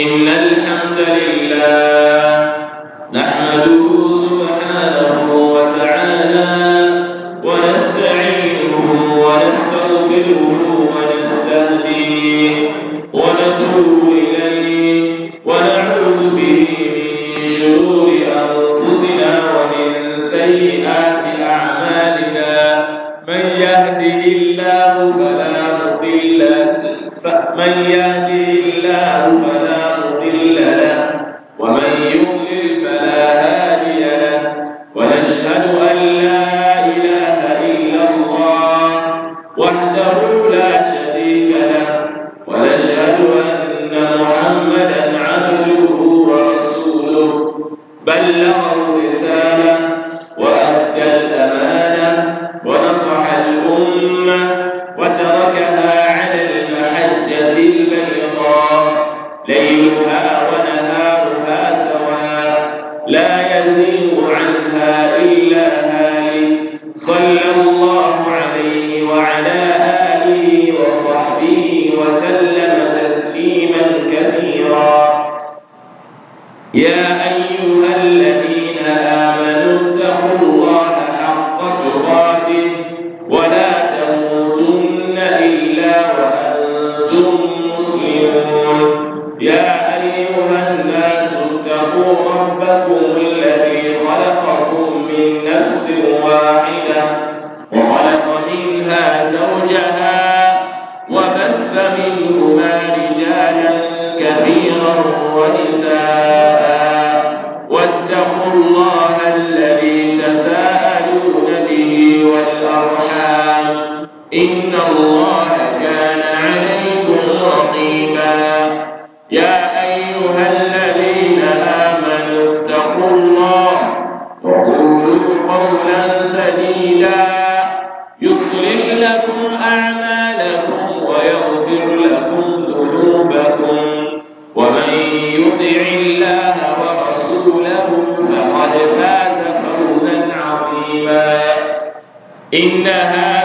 إن الحمد لله نحمده سبحانه وتعالى ونستعينه ونستغفره ونستهديه ونتوب إليه ونعوذ به من شرور أنفسنا ومن سيئات أعمالنا من يهده الله فلا مضل من يهده إنها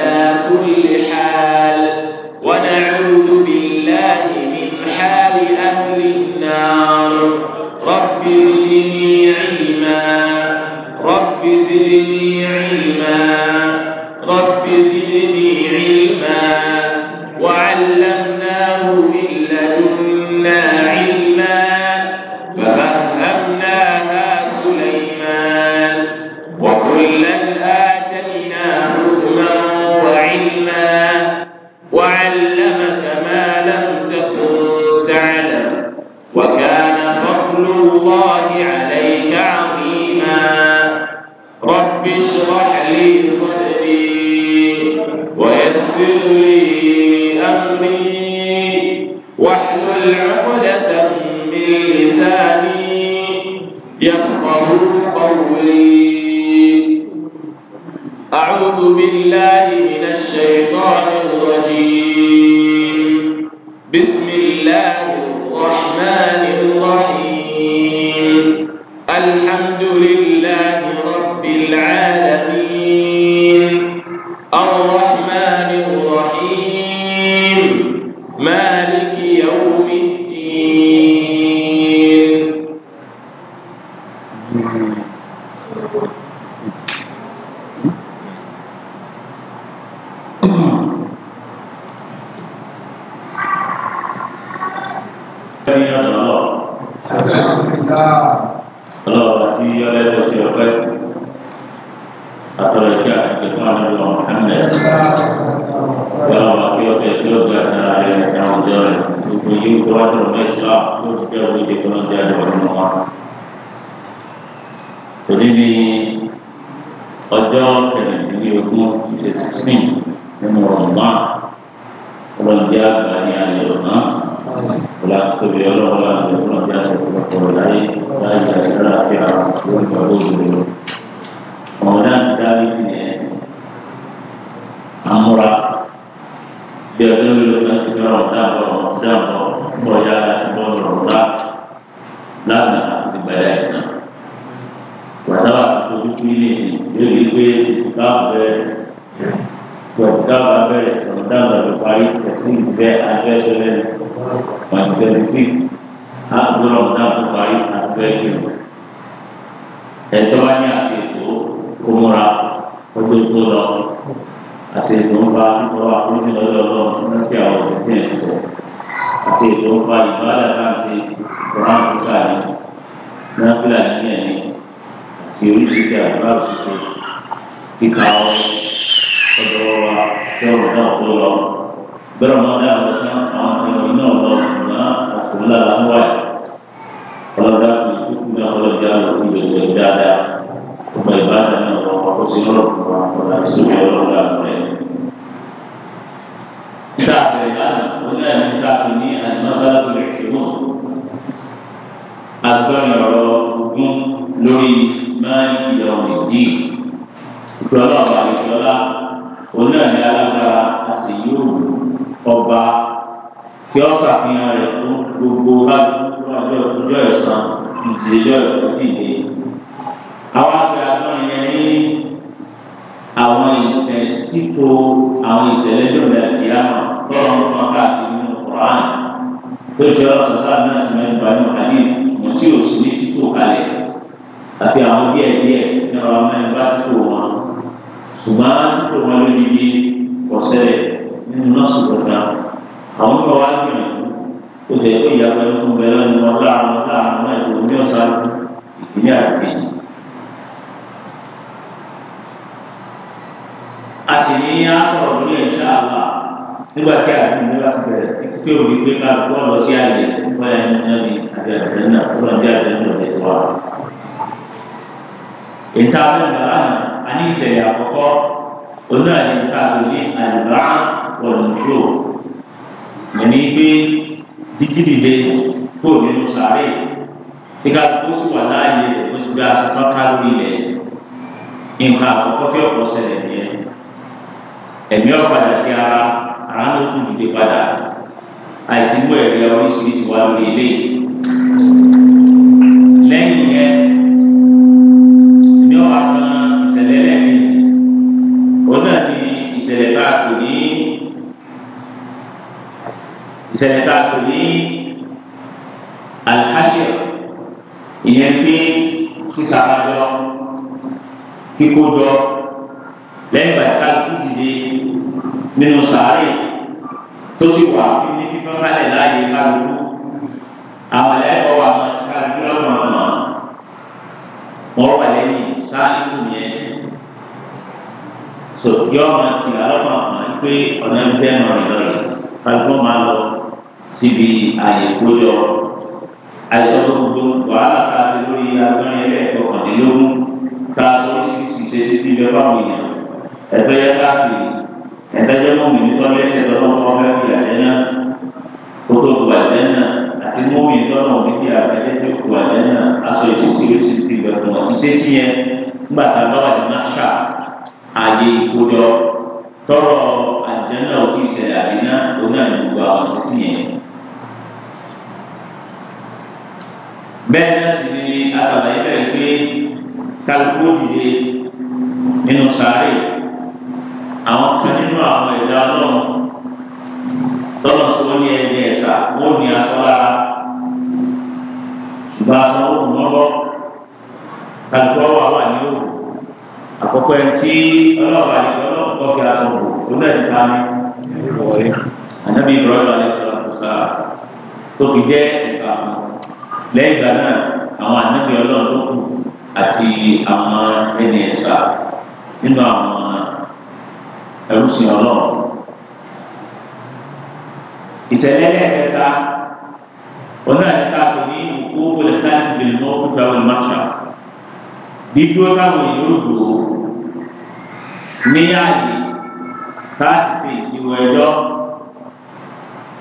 على كل حال ونعوذ بالله من حال أن ọ̀rọ̀ dáàbọ̀ ọ̀rọ̀ dáàbọ̀ bọ̀yá láti bọ́ ọ̀rọ̀ rà lánàá àti gbẹ̀rẹ̀ náà. Wàtáwà tó dúkú ilé ìsìn yóò di pé ìtùkà bẹ̀rẹ̀ ìtùkà bẹ̀rẹ̀ ìtùkà bẹ̀rẹ̀ parí ẹ̀sìn ìgbẹ́ àjọṣe lẹ́nu one twenty six àbúrò dáàbọ̀ parí àjọṣe ẹ̀tọ́ wá ní àṣetò kó múra ó tó tó lọ àti ètò ń bá lọ́wọ́ àkójọ lọ́dọ̀ àwọn òṣìṣẹ́ ẹ̀ sọ àti ètò ń láti ọ̀rọ̀ àkókò àná náfìlà ní ẹ̀mí àti oríṣiríṣi àbúrò àṣìṣe kíkà ọ̀dọ̀ wa tí náà tó lọ bẹ́ẹ̀ wọn náà lọ sí àwọn ẹ̀mí náà lọ ṣùgbọ́n àkùnrin lára ń wáyé ọlọ́dà kùn kúkú náà ọlọ́dà lọ sí ìgbẹ̀gbẹ̀ dáadáa. وعبادة وقوسي ربك وعبادة سبحانه وتعالى كتاب الآن ولا كتابني المسألة العشرون أكبر ربكم لوري مالك يوم الدين lọ́lọ́ ọba ìjọba òun náà ní alágbára a sì yóò ọba kí ọ ṣàfihàn rẹ̀ fún gbogbo bá gbogbo àjọ ìjọ ẹ̀sán ìdílé ìjọ ìdílé àwọn àgbẹ̀ àgbọ̀n yẹn ní àwọn ìṣẹ̀ títò àwọn ìṣẹ̀lẹ̀ lọ́dà ìyáàmà tọ́lọ̀ ń pọn káàkiri nínú Quran tó jẹ́ ọ̀sán sáà náà ti mẹ́rin báyìí wáyé mo tí ò sí ní títò kalẹ̀ àti àwọn díẹ̀ díẹ̀ ní ọ̀rọ̀ mẹ́rin bá títò wọn ṣùgbọ́n títò wọn lódìdí ọ̀sẹ̀lẹ̀ nínú nọ́ọ̀sì kọ̀ọ̀kan àwọn ọmọ wa gbìyànjú ó jẹ́ pé ìyàgbẹ́ ló a sì ní á sọ̀rọ̀ lórí ẹ̀ṣọ́ àlá nígbà tí àdúgbò bá ti bẹ̀rẹ̀ tí pé òní pé ká lọ lọ sí àyè bóyá ẹni náà ní àti àdúgbò náà tó lọ sí àdúgbò náà lè tó wà. ìta mẹ́ta lánàá a ní ìṣẹ̀lẹ̀ àkọ́kọ́ onú àyíká tó ní àdúrà wọ̀lùṣó ẹni pé dídìdìde kó nínú sàárè tí ká tó sì wà láàyè oṣù gbà sọ́kà lórí ilẹ̀ nǹkan àkọ́kọ́ tí ọ̀pọ̀ ṣẹlẹ̀ nìyẹn ẹ̀mí ọ̀padà sí ara ara ló kù dìde padà àti mú ẹ̀rí oríṣiríṣi wá lórí ilé lẹ́yìn yẹn ẹ̀mí ọ̀wà kan ìṣẹ̀lẹ̀ lẹ́ẹ̀kejì òun náà ni ìṣẹ̀lẹ̀ tá a kò ní ìṣẹ̀lẹ̀ tá a kò ní alhashir ìyẹn pé sísàrà jọ kíkó jọ lẹ́yìn bàtà. nínú sáré tó sì wà ní fífọ́n kálẹ̀ láàyè kálukú àwọn ẹlẹ́kọ̀ọ́ wà máa ti kálukú lọ́gbọ̀n náà wọ́n wà lẹ́yìn sáré kù yẹn so yọ máa ti ma àwọn pé ọ̀nà ń bẹ́ẹ̀ náà lọ́rẹ̀ kálukú máa lọ síbi àyè kójọ guarda, tó gbogbo wàhálà ká sí e agbọ́n ẹlẹ́kọ̀ọ́ kọ̀ọ̀dínlógún ká sọ oríṣiríṣi ṣe sí bíbẹ́ báwọn èèyàn ẹgbẹ́ yẹn káàkiri. ẹ̀fẹ́jọ́ mọ́mí ní tọ́lá ẹ̀ṣẹ̀ lọ́wọ́ wọn fẹ́ fi àjẹ́nà kótó bu àjẹ́nà àti mọ́mí tọ́lá òní fi àjẹ́nà tó bu àjẹ́nà aṣọ ìṣesí ló sì ti gbẹ̀ fún wọn. ìṣesí yẹn ńgbà tá a bá wà ní máṣá àyè ìkójọ tọrọ àjẹ́nà ò tí ì ṣẹlẹ̀ àdínà òun náà ní gbogbo àwọn ìṣesí yẹn. bẹ́ẹ̀ náà sì ni aṣàlàyé bẹ́ẹ̀ pé kálukú àwọn kan nínú àwọn ẹ̀dá ọlọ́run tọ́lọ̀ sí wọ́n ní ẹni ẹ̀sà wọ́n ní aṣọ lára ṣùgbọ́n aṣọ wọn mú lọ́wọ́ kàdúgbò wà wà ní òwò àkọ́kọ́ ẹ̀ tí ọlọ́ọ̀bà ní ọlọ́ọ̀bà kọ́kẹ́ aṣọ wò ó náà ní ká ní ànábì ìrọ̀lẹ́ alẹ́ sọ̀rọ̀ àkọ́kọ́ tóbi jẹ́ ẹ̀sà lẹ́yìn ìgbà náà àwọn ànábì ọlọ́run àti àwọn ẹni ẹ̀sà nínú àwọn ẹrú sí ọlọ́run ìṣẹ̀lẹ̀ ẹ̀ẹ́dẹ́ta ọ̀nà ẹ̀ka kò ní ìkó wọlé káàdì bèrè mọ́ òkúta wọlé máṣá dídúró táwọn èèyàn dò ó ní ààyè táàtì sí ìṣirò ẹjọ́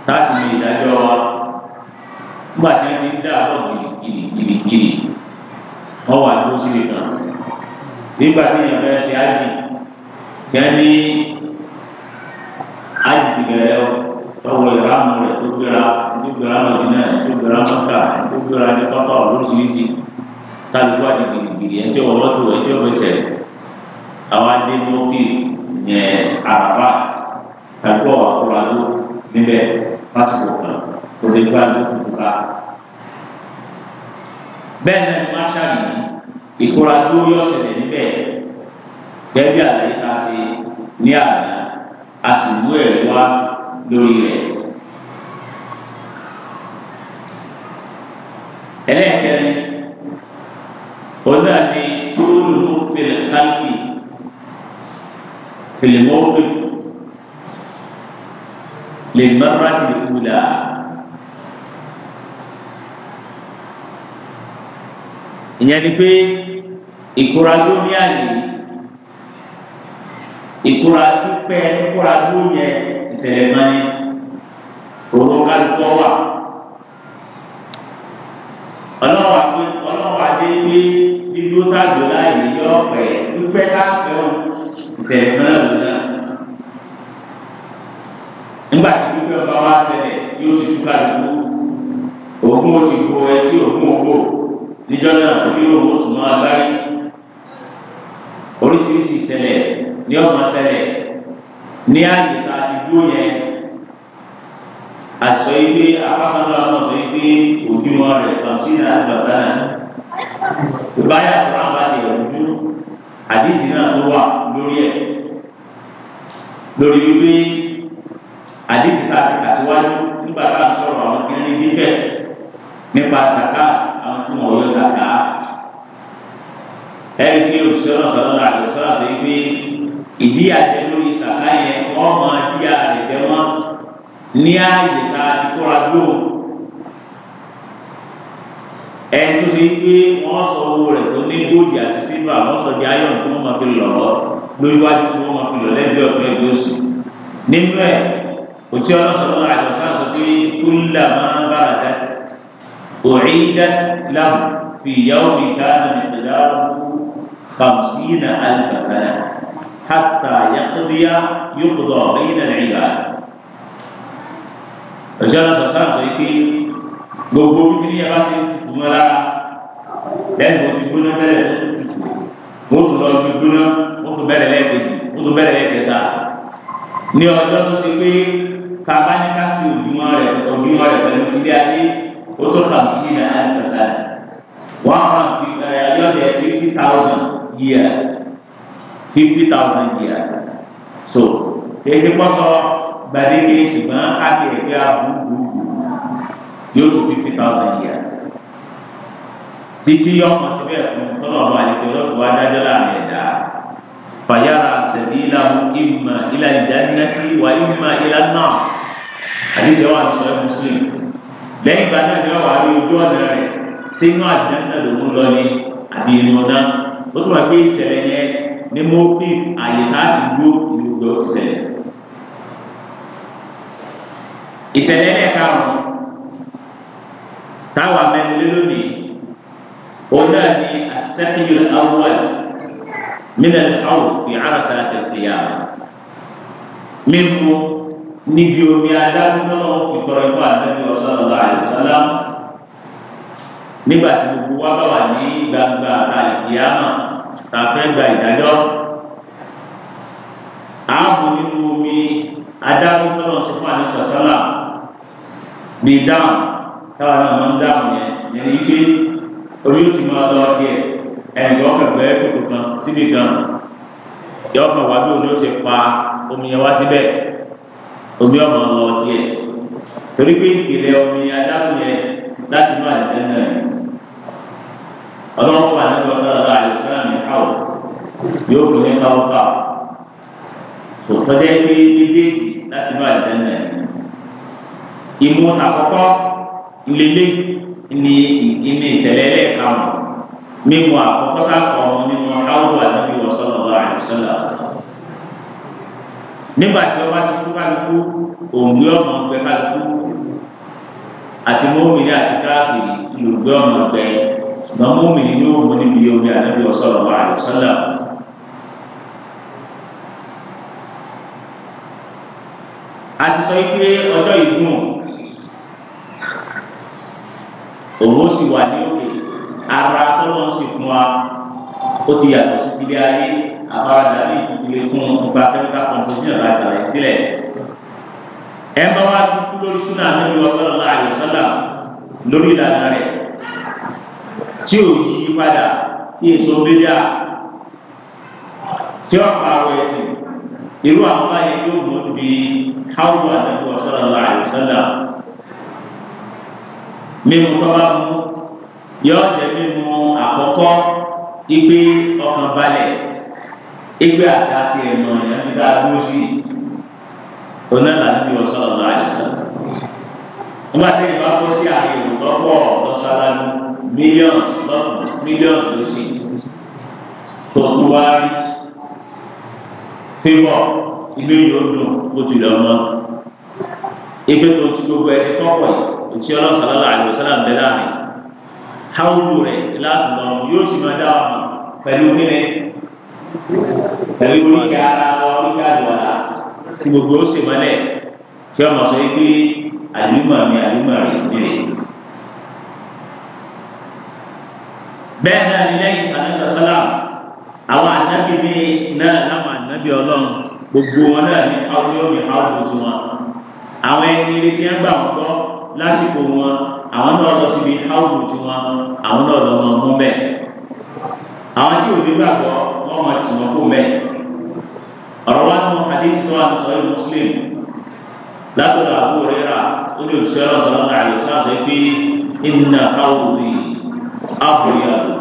táàtì ní ìdájọ́ wa nígbà tí wọ́n ti ń dá àbọ̀ gírígírígírí wọ́n wà lóṣìlè kan nígbà tí ìyàwó ẹ̀ ṣe á jì tí wọ́n ní láti ti bẹ̀rẹ̀ ọ lọ́wọ́ ìrámù rẹ̀ tó gbéra tó gbéra mọ̀dínà tó gbéra mọ́tà tó gbéra ní pápá olóṣìṣì kálukú àti gidigidi ẹjọ́ ọlọ́tò ẹjọ́ ọ̀bẹ̀sẹ̀ àwọn adé mọ́kì ní àràbà kálukú ọ̀wà kúra ló níbẹ̀ fásitì kan tó lè gbá ló kúkú ká. bẹ́ẹ̀ náà ni wọ́n ṣàlì ìkóra tó yọ̀ ṣẹlẹ̀ níbẹ̀ gẹ́gẹ́ bí àlẹ́ ta ṣe ní àná a sì mú ẹ̀rí wá lórí rẹ̀. ẹlẹ́ẹ̀kẹrin ọ̀dà ni tóòlù tó fẹ̀rẹ̀ káàkiri fìlìmọ́ọ̀dù lè mọ́ra ti kú la. ìyẹn ni pé ìkóra ló ní àyè yìí ìkóra dúpẹ́ ìkóra dúró yẹ ìṣẹ̀lẹ̀ mọ́ni òun kálukọ́ wà. ọlọ́wà pé ọlọ́wà dé pé dídúró tájọ láì ní yọ ọ̀pẹ̀ dúpẹ́ káfẹ́ o ìṣẹ̀lẹ̀ mọ́ni ló náà. nígbà tí dúpẹ́ ọba wa ṣẹlẹ̀ yóò ti dúpẹ́ àdúgbò òkun ó ti bo ẹtí òkun ògbò níjọ́ náà onílò oṣù náà báyìí oríṣiríṣi ìṣẹ̀lẹ̀ ní ọmọ ṣẹlẹ̀ ní àyè tá a ti dúró yẹn àṣọ ìwé apákanlọ àwọn ọ̀sọ̀ ìwé òjúmọ́ rẹ̀ tọ̀sí náà gbọ̀sánà ìbáyà fúnra bá di rọ̀jú àdìsí náà tó wà lórí ẹ̀ lórí wípé àdìsí náà ti kà síwájú nígbà tá a sọ̀rọ̀ àwọn tí ń rí bíbẹ̀ nípa sàká àwọn tí wọ́n yọ sàká ẹ̀rí pé òṣìṣẹ́ náà sọ̀rọ̀ náà ìdíyàjẹ lórí sàkà yẹn ọmọ ìdíyà rẹ̀ jẹ wọn ní ààyè tá a ti kóra dúró ẹni tó ti gbé wọn sọ owó rẹ̀ tó ní góòdì àti sílvà wọn sọ di ayọ̀ tí wọ́n máa fi lọ̀ ọ́ lórí wájú tí wọ́n máa fi lọ̀ lẹ́gbẹ̀ẹ́ ọ̀gbẹ́ ẹgbẹ́ oṣù nínú ẹ̀ òtí ọlọ́sọ̀rọ̀ àjọṣán sọ pé kúlà máa ń bára dá òrìdá láwù fi mi ká àmì ìdáwó kàmsínà àlùfàfàlà. حتى يقضي يقضى بين العباد رجال سسان ذيكي gbogbo kiri yaba se kumara lẹ́nu ti gbóná bẹ̀rẹ̀ mọ́tò lọ ti gbóná mọ́tò bẹ̀rẹ̀ lẹ́ẹ̀kejì mọ́tò bẹ̀rẹ̀ lẹ́ẹ̀kẹta ní ọjọ́ tó ṣe pé kaba ní ká sí òdiwọ̀n rẹ̀ òdiwọ̀n rẹ̀ pẹ̀lú ilé ayé ó tó kà sí ìlànà àti kàtà one hundred and fifty thousand years fifty thousand years so kèsì pọ́sọ gbàdéke ṣùgbọ́n àti ẹ̀gbẹ́ àbúrúkú yóò tó fifty thousand years títí yọmọ síbẹ̀ fún tọ́lọ̀ ọmọ àlejò lọ́dún wa dájọ́ láàrin ẹ̀dá fàyàrà sẹ̀díláhùn ìmọ̀ ilà ìdánilẹ́sí wà ìmọ̀ ilà náà àdìsẹ́ wà ní sọ́yẹ́ mùsùlùmí lẹ́yìn ìgbà náà ni wọ́n wà ní ojú ọ̀nà rẹ̀ sínú àdìsẹ́ lòún lọ ní àbí inú náà ó tún wà pé ìṣẹ̀lẹ̀ yẹn ní mo fi àyè láti dúró ìlúgbẹ òṣìṣẹ́. ìṣẹ̀lẹ̀ ẹ̀ka ọ̀hún táwa mẹ́rin lé lónìí òun náà ní àṣẹ́kìlì awọ́ẹ̀ mílẹ̀ ọ̀hún fi àràṣà tẹ̀sí yá mímu níbi omi adágún náà ìtọ̀rọ̀ ìfọ̀ àdébí ọ̀sán ọ̀la àìsàlá nígbà tí gbogbo wa bá wà ní gbangba àlìkíyàmà tàfẹ́ gba ìdájọ́ ààbò nínú omi adágún tó lọ sí fún àdéhùn sọ́là ní dáhùn táwọn náà máa ń dáhùn yẹn ní pé orí ti máa lọ tiẹ̀ ẹ̀yìn ọkàn gbẹ́ kòkò kan síbi kan yọ ọkàn wá bí omi ó ti pa omi yẹn wá síbẹ̀ omi ọmọ lọ tiẹ̀ torí pé ìpìlẹ̀ omi adágún yẹn láti máa dẹ́nu ẹ̀ ọlọ́wọ́ wà nínú ọ̀sán ọ̀la àdéhùn sọ́là káwọ̀ yóò fún ní káwọ̀ káwọ̀ tó tọ́jú pé méjèèjì láti bá àjẹ́nà ìmú àkọ́kọ́ ńlẹ́lẹ́ ní ìní ìṣẹ̀lẹ̀ ẹlẹ́ẹ̀káwọ̀ mímu àkọ́kọ́ káwọ̀ mímu káwọ̀ àti mímu sallallahu alaihi wasallam nígbà tí ọba ti tú kálukú òǹgbé ọmọ ọgbẹ kálukú àti mọ́mìnira àti káàkiri olùgbé ọmọ ọgbẹ yìí náà mú mi ní òun níbi omi ànábi ọ̀sọ̀rọ̀ wa àlùsọ́là. a ti sọ pé ọjọ́ ìgbìmọ̀ òun ó sì wà ní òkè ara tó lọ sí fún wa ó ti yàtọ̀ sí kílé ayé àbáradà ní ìdílé fún ọba kẹ́míkà kọ̀ǹtẹ́jì ọ̀la ìsàlẹ̀ sílẹ̀ ẹ bá wá dúró lórí súnà ànábi ọ̀sọ̀rọ̀ wa àlùsọ́là lórí ìlànà rẹ̀ tí ò yí padà tí èso méjì à tí ọ̀pá àwọn ẹ̀sìn irú àwọn báyìí yóò mú bí káwọn àdàbò ọ̀sọ̀rọ̀ lọ àìsọ̀dà mímu tọ́ba mú yọ jẹ́ mímu àkọ́kọ́ igbe ọkàn balẹ̀ igbe àti àti ẹ̀mọ̀ yẹn ti dá dúró sí onílànà ọ̀sọ̀rọ̀ lọ àìsọ̀dà wọ́n bá tẹ̀lé wá kó sí àyè ìrùtọ́pọ̀ lọ́sọ̀rọ̀ lọ́wọ́ millions lọ́nà millions ló sì tó ń wá fíwọ̀ ilé yóò dùn bó ti lọ́ mọ́ ibi tó ti gbogbo ẹsẹ̀ tó wọ̀ òtí ọlọ́sàn lọ́la àdìọ́sọ́lá ń bẹ láàrin háwùlù rẹ̀ láti lọ yóò sì máa dá wà mọ́ pẹ̀lú kíni pẹ̀lú oríkà ara wọn oríkà àdìọ́lá tí gbogbo ó sì mọ́lẹ̀ tí ọmọ sọ pé àlùmọ̀ mi àlùmọ̀ rẹ̀ é bẹ́ẹ̀ náà ní lẹ́yìn àdájọ́ sọ́lá àwọn àdájọ́ mi náà láwọn ànábì ọlọ́run gbogbo wọn náà ní awúlọ́ọ̀mì áwùjọ tí wọn àwọn ẹni ilé tí wọn gbà wọn gbọ́ lásìkò wọn àwọn náà lọ síbi áwùjọ tí wọn àwọn náà lọ mọ mú bẹ́ẹ̀ àwọn tí òbí gbàgbọ́ wọn mọ tì wọn kó bẹ́ẹ̀ ọ̀rọ̀ wa nù àdéhùn tó wà ní látọ̀dọ̀ àbúrò rẹ̀ rà ó ní أبيض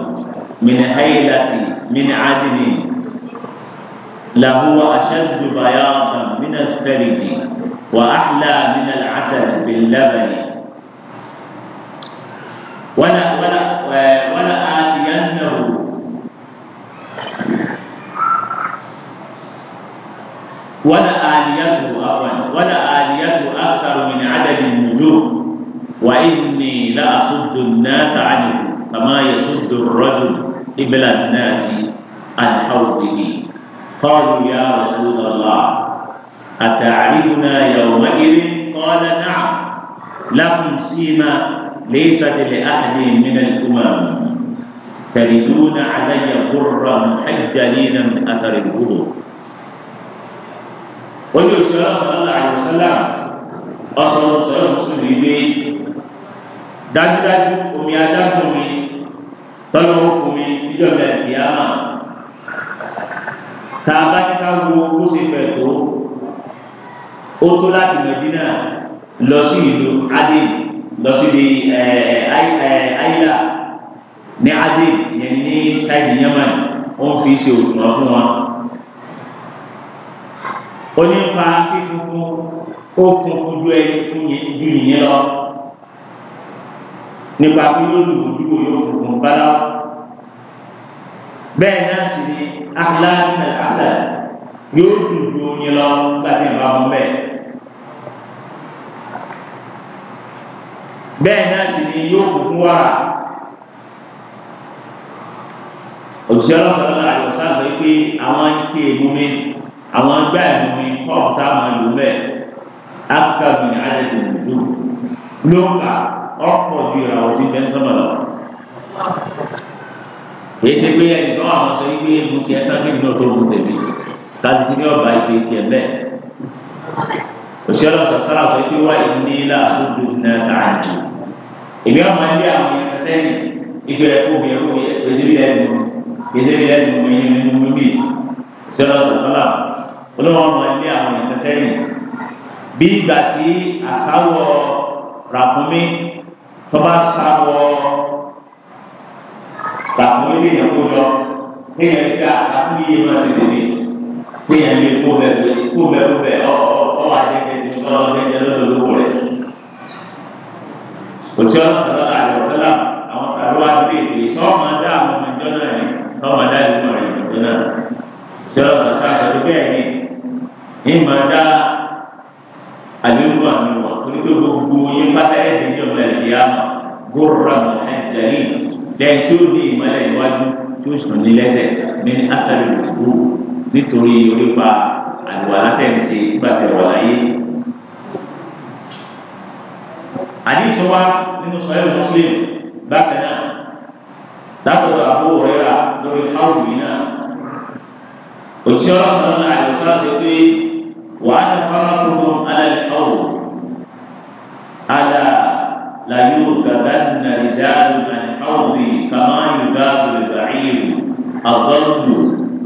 من هيلة من عدن لهو أشد بياضا من الثلج وأحلى من العسل باللبن ولا ولا ولا آتينه ولا آليته ولا آليته أكثر من عدد النجوم وإني لأصد الناس عن كما يصد الرجل قبل الناس عن حوضه قالوا يا رسول الله أتعرفنا يومئذ قال نعم لكم سيما ليست لأحد من الأمم تردون علي غرا حجلين من أثر الوضوء وجه صلى الله عليه وسلم أصل صلى الله عليه وسلم dájúdájú omi adágún mi tọ́lọ́wọ́ fún mi níjọba ìyáàmà tá a bá ti ká wo bó ṣe fẹ̀ tó ó tó láti Mẹdínà lọ sí ìlú adé lọ sí ibi àyílà ní adé yẹn ní ṣáìdì yamani wọn fi ṣe òṣùwọ̀n fún wọn. onípa fífún fún ó fún ojú ẹni fún yìnyín lọ nípa pé yóò lù ojú wo yóò fòkùn bálá bẹ́ẹ̀ náà sì ni aláàbí àṣà yóò dùn ju oyin lọ láti ìbá wọn bẹ́ẹ̀ bẹ́ẹ̀ náà sì ni yóò fòkùn wàrà òṣìṣẹ́ ọlọ́sọ̀rọ̀ náà àyọ̀ sáà pé àwọn ike ìmúmi àwọn ẹgbẹ́ ìmúmi kọ́ọ̀tà máa lò bẹ́ẹ̀ áfíríkà bìnrin àdẹ̀dẹ̀ lò ń kà á ọ̀pọ̀ ju ìràwọ̀ tí bẹ́ẹ̀ sọ́nà lọ. Èyí ṣe pé ẹni tó àwọn sọ wípé ebu tiẹ̀ tán kí nínú tó bu tèmi. Káàdì kí ni ọba ìpè tiẹ̀ bẹ́ẹ̀. Òṣìṣẹ́ ọlọ́sọ̀ sára sọ pé wá ìní láàsódò náà sáàjì. Èmi ọmọ ilé àwọn èèyàn sẹ́yìn ìgbé ẹ̀kú mi ẹ̀kú mi èsì bí ẹ̀sìn mi èsì bí ẹ̀sìn mi ẹ̀yìn mi mú mi. Òṣìṣẹ́ ọlọ́sọ̀ sára olówó ọmọ ilé àwọn èèyàn sẹ́yìn. Bí ìgbà tí àsáwọ̀ ràkúnmí tọ́ba sáwọ́ tàbí ilé yẹn kó lọ kéèyàn ní ká àkúyè má sì tèmi kéèyàn ní kó bẹ kó bẹ kó bẹ ọ ọ wà jẹjẹ ní ọlọ jẹjẹ lọ́dọ̀ lówó rẹ. òtí ọlọ́ sọ̀rọ̀ àlẹ́ ọ̀sọ́lá àwọn sàrọ̀ wá sí èdè sọ́ọ̀mà dá àwọn ẹ̀jọ́ náà ní sọ́ọ̀mà dá ìlú rẹ̀ ẹ̀jọ́ náà. òtí ọlọ́ sọ̀rọ̀ sáà tẹ̀lé bẹ́ẹ̀ ni ìmọ̀ dá àlẹ́ ìlú àmì wọ̀ torí pé gbogbo gbogbo yín pátá ẹ̀ dídí ọmọ ẹ̀dí àmọ́ gòrò ẹ̀jẹ̀lì lẹ́yìn tí ó ní ìmọ̀lẹ̀ iwájú tí ó sùn ní lẹ́sẹ̀ ní átàlù ìlú nítorí orípa àlùwàlá tẹ̀sí gbàtẹ̀ wà láyé. àdìsọ wa nínú sọ̀rọ̀ Muslim bákan náà látọ̀dọ̀ àbúrò rẹ̀ rà lórí káwù yìí náà òtí ọlọ́run náà àìsàn ṣe pé wàá ní fárá tó lọ́n alẹ́ káwù. ألا لا يركبن رجال من حوضي كما يجاب البعير أضل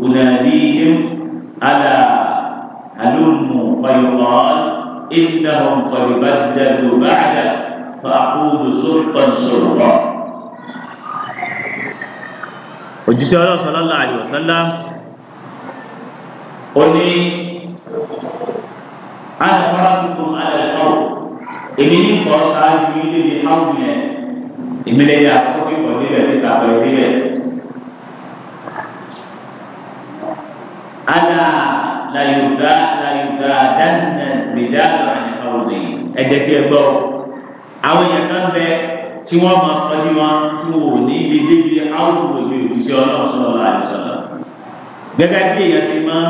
أناديهم ألا هلموا فيقال إنهم قد بدلوا بعدك فأقول سرقا سرقا òjíṣẹ́ ọlọ́run sọlọ́lá àdìwọ̀sọ́lá ó ní alẹ́ fọ́lá tuntun alẹ́ fọ́lá èmi ní kọ́ sáájú ilé mi háwù yẹn èmi lè yà kó fi wọlé rẹ̀ níta wọlé rẹ̀. ala layuda layuda danna gbèjà lọ́wọ́ nípa òde ẹ̀jẹ̀ tí ẹ gbọ́ àwọn èèyàn kan bẹ tí wọ́n máa kọjú wọn tí wò ní ilé débi háwù òde òdìsí ọlọ́run sọ̀rọ̀ láàrin sọ̀rọ̀ gẹ́gẹ́ bí èèyàn ti máa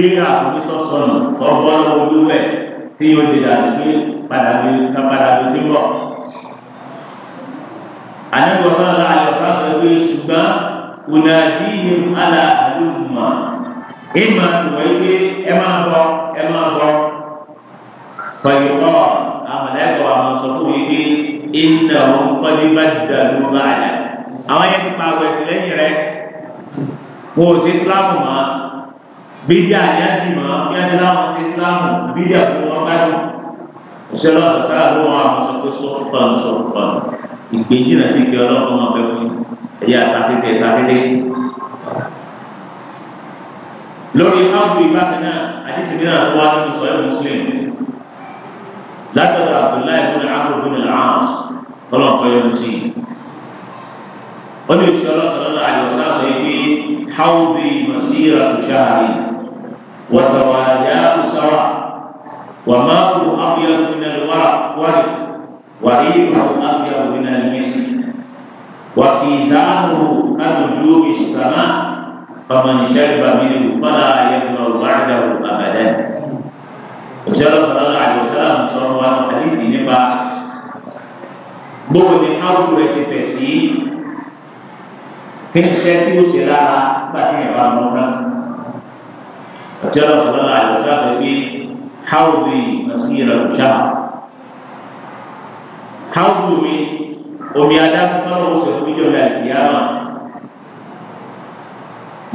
lé àbúrò tó sọnù ọgbọ́n olówó ẹ̀ tí yóò di dàbí padà bí ká padà bí tí ń bọ̀. àníbọ̀ sọ́dọ̀ àyọ̀sọ́ ẹgbẹ́ ṣùgbọ́n ònàdí ni àlà àdúgbò ìmọ̀ ìwọ̀ ìgbé ẹ máa bọ̀ ẹ máa bọ̀ pẹ̀lú ọ̀ àmọ̀lẹ́kọ̀ọ́ àwọn sọ fún yìí pé iná òun kọ́ ní bá dàlú báyà àwọn yẹn ti pa àwọ̀ ẹ̀sìn lẹ́yìn rẹ̀ wọn ò sí islámù mọ́ bídíà ni a ti mọ̀ ti láwọn sí islámù bídíà fún wọn gbádùn òṣèlú àtàtà ló wọn àwọn sọ pé sọ̀rọ̀ pa sọ̀rọ̀ pa ìgbéjì náà sì kí ọlọ́pàá máa bẹ fún ẹyà àtàkété àtàkété. lórí káwọn ìbákan náà àdìsí bí náà tó wá nínú sọ̀rọ̀ mùsùlùmí látọ̀dọ̀ Abdullahi bin Amr bin al-As ọlọ́pàá yẹn sí i. ní òṣèlú ọlọ́sọ̀rọ̀ náà àyọ̀sá sọ pé háwùbí masíra tó ṣáà wọ́n sọ̀rọ̀ àyà وماء أبيض من الورق ورق وريح أبيض من المسك وكيزانه كنجوم السماء فمن شرب منه فلا يظمأ بعده أبدا وجل صلى الله عليه وسلم صلى الله عليه وسلم gbogbo ní káwọn rẹ ṣe fẹ sí kí ṣiṣẹ́ tí ó ṣe lára gbàgbé ìwà ọmọ náà ọjọ́ lọ́sọ̀rọ̀ àlùfáà fẹ́ bí حوضي مسيرة شهر حوض من omi adáfúnfọ́nà ó sọ̀rọ̀ níjọ́ ní àìkíyàmà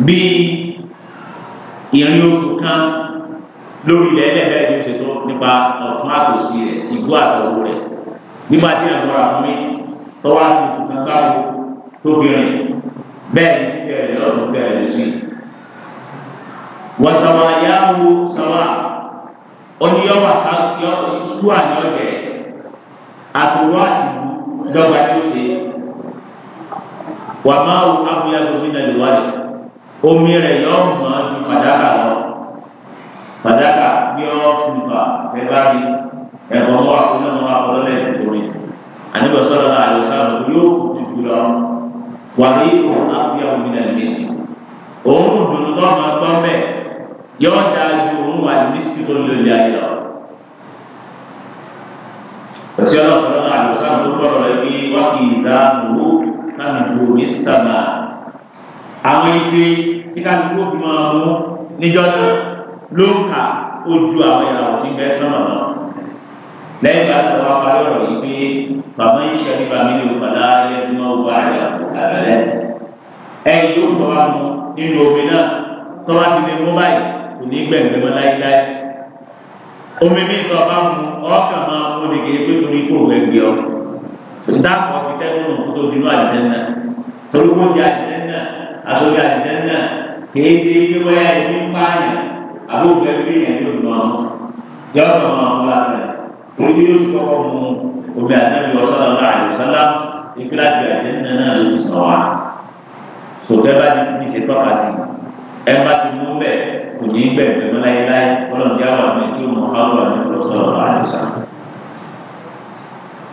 bí ìrìn oṣù kan lórí ilẹ̀ ẹlẹ́fẹ́ ni ó ṣètò nípa ọ̀tún àtòsí rẹ̀ ìgbó àtọ̀wò rẹ̀ nígbà tí àwọn ọ̀rọ̀ àfúnmi tọ́wọ́ àti oṣù kan báwo tó fi rìn bẹ́ẹ̀ ni bẹ́ẹ̀ lọ́dún bẹ́ẹ̀ lọ́dún sí. wọ́n sọ̀rọ̀ àyáwó sọ̀rọ̀ ọdún yọ wà sá yọ atuwa àti ọjẹ àtúwọ àti dọ́gba tí ó ṣe wà máa wù abúlé gómìnà lèwálé omi rẹ yọ mọ ju fàdákà lọ fàdákà bí ọ fúnpa ẹgbàá mi ẹgbọn wọn akọlẹ wọn akọlẹ lẹ́yìn torí àníbọ sọlọ náà àlùsọ àlùkò yóò kú tuntun lọ wà ní òun abúlé gómìnà lèwálé òun dùn lọ́mọ gbọ́n bẹ́ẹ̀ yọ ọ́ dáa ju òun wà ní tó lè di ayé lọ. Òtí ọlọ́sọ̀rọ̀ náà àlùsàn tó gbọ́dọ̀ rẹ̀ bí wá kì í sá lòó láti bu ní sàmà. Àwọn ife tí ká ló fi máa mú níjọ́ náà ló ń kà ó ju àwọn ìràwọ̀ tí ń bẹ́ sọ́nà lọ. Lẹ́yìn bá tó wá parí ọ̀rọ̀ yìí pé bàbá yìí ṣe nípa mi ní òkàlà omi mi tọ́ bá mu ọkàn máa mú ni kì í pé torí kò wẹ́ gbé ọ. dáàbò fi tẹ́lẹ̀ nù kó tó fi nú àdìdẹ́ náà torí kó di àdìdẹ́ náà àtòkè àdìdẹ́ náà kì í ti ní wáyà ẹni ń pààyàn àbúrò fẹ́ gbé yẹn ní òdùnnà ọ̀hún. yọ̀ọ́ sọ ma ọ̀hún láti rẹ̀ torí bí yóò fi kọ́kọ́ mu omi àtẹ́bí ọ̀sán ọ̀la àdìsọ́lá ìpínlẹ̀ àti àdìdẹ́ náà ló ti sàn wá. sọ̀tẹ́ bá ti ti ṣe tọ́ka sí ẹ kò ní í bẹ̀rẹ̀ pẹ̀lú láyéláyé ọlọ́run jẹ́ àwọn àmì tí mo máa wà ní ọ̀sọ̀rọ̀ àdìsá.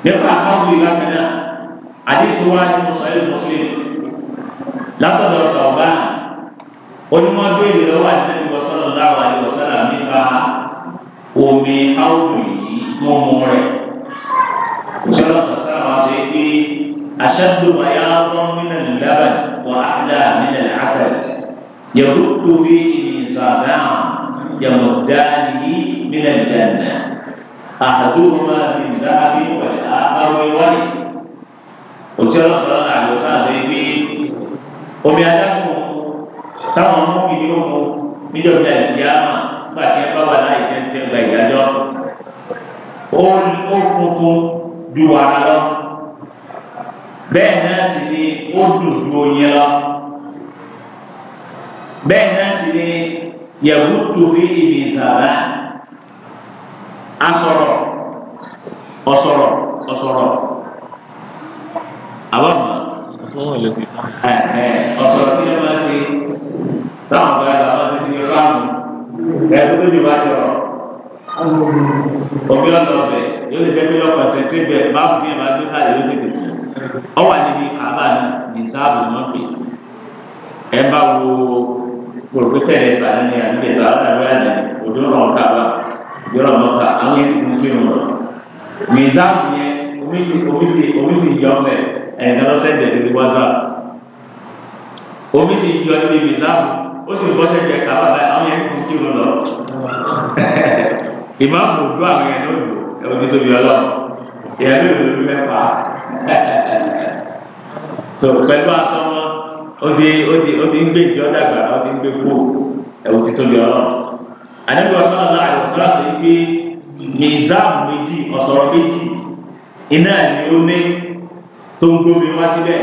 nípa àkọ́kọ́ ìlú akẹ́nà àdìsí wa ni mùsùlùmí mùsùlùmí látọ̀dọ̀ ọ̀gá onímọ̀ béèrè lọ́wọ́ àdìsí láwà ní ọ̀sọ̀rọ̀ nípa omi áwùrù yìí tó mú rẹ̀. òṣèlú sọ̀sọ̀ àwọn àṣẹ pé aṣáájú wáyà mílíọ̀nù lábàá wà á dà mílíọ̀nù àṣẹ yẹ إصابعا يمدانه من الجنة أحدهما من ذهب والآخر من ورد وجرى صلى الله عليه وسلم omi adágún táwọn ọmọ mi yóò mu níjọba ìyá mà nígbà tí ẹ bá wà láì tẹ́tẹ́ gba ìdájọ́ ó funfun ju wàrà lọ bẹ́ẹ̀ náà sì ni ó dùn ju oyin lọ bẹ́ẹ̀ náà sì ni yẹ̀wù tó fi ìmì sàrà. ìzáàmù yẹn omisi omisi omisi yọ ọmọ ẹ ẹnlọsẹdẹ lórí wásaapù omisi yọ ẹbí ìzáàmù ó sì bọ́ sẹ́jẹ̀ káwá báyìí àwọn yẹn kò kí wọn lọ ìmáàmù ojú àwọn yẹn lóòlù ẹ̀wọ̀n ti tóbi ọlọ́ ìyẹn lóòlù lórí mẹ́fà so pẹ̀lú asọ́mọ́ ó ti ó ti ó ti ń gbé ìjọ dàgbà ó ti ń gbé kú ẹ̀wọ̀n ti tóbi ọlọ́ àdébíwọ̀sán ọ̀la àyọ̀sán àti gbé ní ìzáàmù méjì ọ̀sọ̀rọ̀ méjì iná ni ó ní tó ń gbómi wá síbẹ̀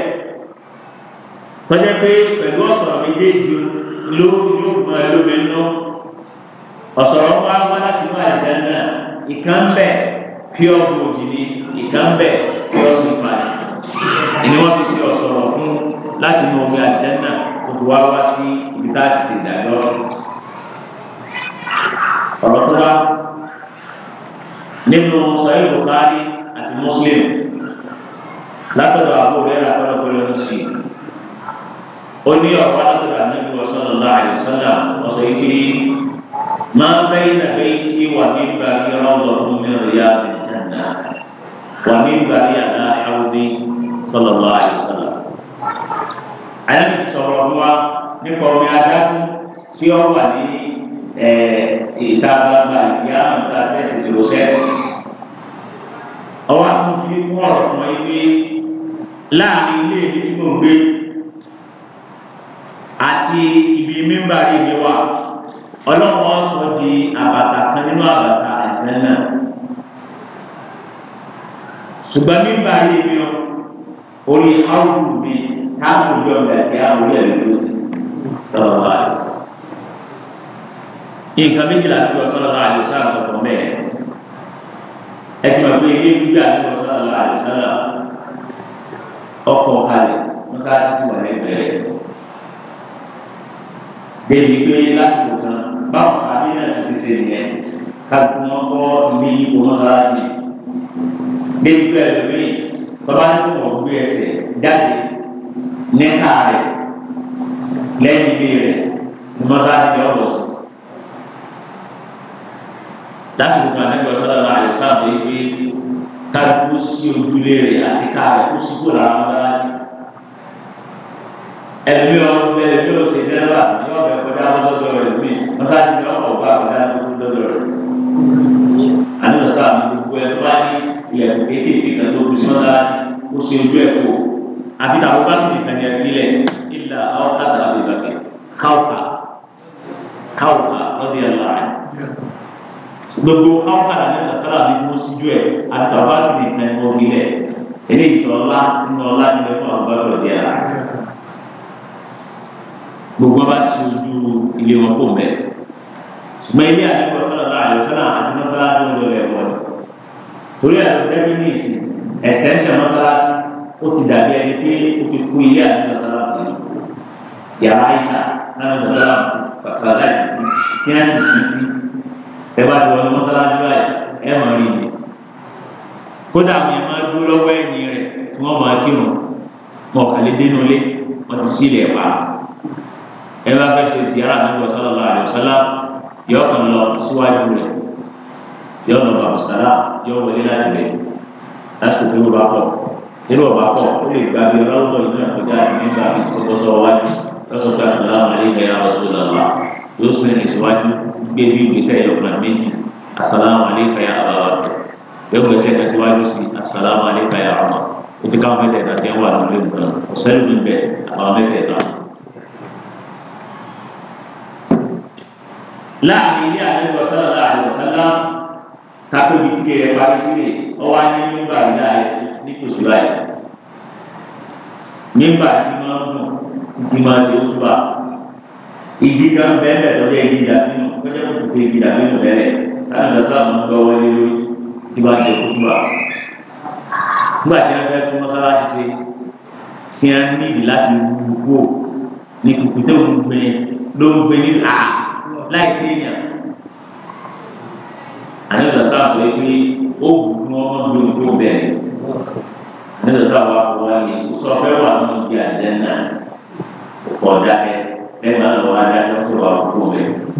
tọ́jà pé pẹ̀lú ọ̀sọ̀rọ̀ méjèèjì ló yóò mọ ẹlómi nú ọ̀sọ̀rọ̀ wá wá láti mú àdá náà ìkan bẹ̀ kí ọ̀gbọ̀n òjì ni ìkan bẹ̀ kí ọ̀sìn padà ìní wọ́n fi ṣe ọ̀sọ̀rọ̀ fún láti mú omi àdá náà gbogbo wa wá sí ibi tá a ti ṣe ìdájọ́ ọ̀rọ̀ tó wá nínú sọ̀rọ̀ ìbùkárí. مسلم لا تدع أبو هريرة ولا كل مسلم قل يا رسول النبي صلى الله عليه وسلم وسيدي ما بين بيتي ومنبري روضة من رياض الجنة ومنبري أنا حوضي صلى الله عليه وسلم أنا sọ̀rọ̀ fún wa nípa omi adágún tí ó wà ní ìta gbangba ìyá àmì tá a fẹ́ ṣèṣirò sẹ́yìn ọwọ́ àtúntì mú ọ̀rọ̀ mọ́ ibi láàrin ilé ìlú tí mo gbé àti ibi mímbà ìdí wa ọlọ́wọ́ sọ di àbàtà kan nínú àbàtà ẹ̀sẹ̀ náà ṣùgbọ́n mímbà yìí mi ò orí áwùjọ mi táàbù yọ gàdí àwọn orí ẹ̀rí ló sì sọ̀rọ̀ báyìí. nǹkan méjìlá tí wọ́n sọ̀rọ̀ báyìí ó sáà sọ̀rọ̀ mẹ́rin ẹ̀ ti mọ̀ pé ilé ìlú bí àdúgbò sọ̀rọ̀ àdìsọ́nà ọkọ̀ kalẹ̀ mọ́sáàsì sì wà lẹ́gbẹ̀ẹ́ débi pé lásìkò kan báwọn sábẹ́ náà sì ti ṣe nìyẹn kájú wọn kọ́ ibi ipò mọ́sáàsì débi pé ẹlòmíì bàbá ní wọn gbé ẹsẹ̀ jáde ní káàrẹ̀ lẹ́yìn ilé rẹ̀ ní mọ́sáàsì ọ̀rọ̀ sọ lásìkò kan lẹ́gbẹ̀ẹ́ sọ̀rọ̀ àdìsọ́nà yìí pé kájú sí ojúlé rẹ̀ àti káàrẹ̀ kó sí kó làwọn ọ̀dọ́ láti. ẹ̀mí ọ̀rọ̀ bẹ́ẹ̀ bí ó ṣe dẹ́rẹ́bà ní ọ̀bẹ kọjá lọ́dọ̀ rẹ̀ mí ọ̀tá ti ní ọ̀pọ̀ bá kọjá lọ́dọ̀ rẹ̀. àníwọ̀sá mi gbogbo ẹ̀ bá ní ilẹ̀kùn kéékèèké kan tó kù sí wọn kó sí ojú ẹ̀ kó. àfi làwọn bá tún ìkànnì ẹ̀fílẹ̀ ìlà ọ̀ káwùfà káwùfà ọ̀dẹ̀ ẹ̀ gbogbo káwọ́kàlà ní kasara ní kó síjú ẹ̀ àtàwọn àti nìkan ní omi lẹ̀ eléyìí sọ ọlá nínú ọlá ní ẹ̀fọ́ àgbàdo díẹ̀ la gbogbo bá sí ojú ilé wọn kò mẹ́ ṣùgbọ́n ilé àdúgbò sọ̀rọ̀ náà àyọ̀sọ́nà àti mọ́sálásí ń lọ ẹ̀wọ̀ torí àyọ̀sọ́nà ní ìsìn ẹ̀sẹ̀ńṣẹ̀ mọ́sálásí ó ti dàbí ẹni pé ó ti kú ilé àdúgbò mọ́sálásí yàrá ìta náà mọ́sálásí pàṣẹ ẹ bá ti wọlé mọ́sálásí báyìí ẹ hàn rí i kódà mi máa dúró lọ́wọ́ ẹ̀yìn rẹ̀ tí wọ́n máa kírun mọ̀ kàlẹ́ dénú lé wọ́n ti sílẹ̀ wá ẹ bá fẹ́ ṣe ziyara ní wọ́n sọ́lá lọ́wọ́ àdìsọ́lá yọ kàn lọ síwájú rẹ̀ yọ lọ bàbá sàrà yọ wọlé láti rẹ̀ láti òfin bá pọ̀ nínú ọba pọ̀ ó lè gba bí ọlọ́wọ́ ìlú àkọjá nígbà ìkọ́kọ́sọ wájú lọ́sọ̀tà sàlámù alẹ́ ìgbéyàwó sọ́lá lọ́wọ́ yóò sún ẹ̀ gbé bí ìgbésẹ̀ ìyọ̀gbà méjì asalaamu aleyka ya abawake yóò gbèsè kan síwájú sí asalaamu aleyka ya ọmọ o ti káwọn mẹ́tẹ̀ẹ̀ ta tiẹ̀ wà lórí nǹkan kò sẹ́ni mi bẹ̀ àwọn mẹ́tẹ̀ẹ̀ ta. láàrin ilé àlejò sọ́dọ̀ láàrin ọ̀sánlá tako bíi tíkẹ́ rẹ̀ parí sílẹ̀ ọwọ́ á ní nígbà nílá rẹ̀ nítòsí báyìí nígbà tí máa ń mú títí máa ṣe ó túbà ìdí kan bẹ́ẹ̀ bẹ́ẹ̀ lọ́jọ́ ìdí kọjá kò pé ibi dàbí mọ̀ lẹ́rẹ̀ láti lọ sáà mọ̀ gbọ́ wọlé lórí tí wọ́n ti kú túbà. nígbà tí wọ́n fẹ́ tún mọ́sálásí ṣe tí wọ́n ní ìdí láti wú kú ní kùkù tó ń gbé ló ń gbé ní à láì sí èèyàn. àní lọ sáà pé pé ó wù kí wọ́n mọ̀ lórí tó bẹ̀rẹ̀ àní lọ sáà wà fún wa ní sọ fẹ́ wà ní ìdí àjẹ náà kọjá ẹ ẹ máa lọ wá dájọ́ tó wà fún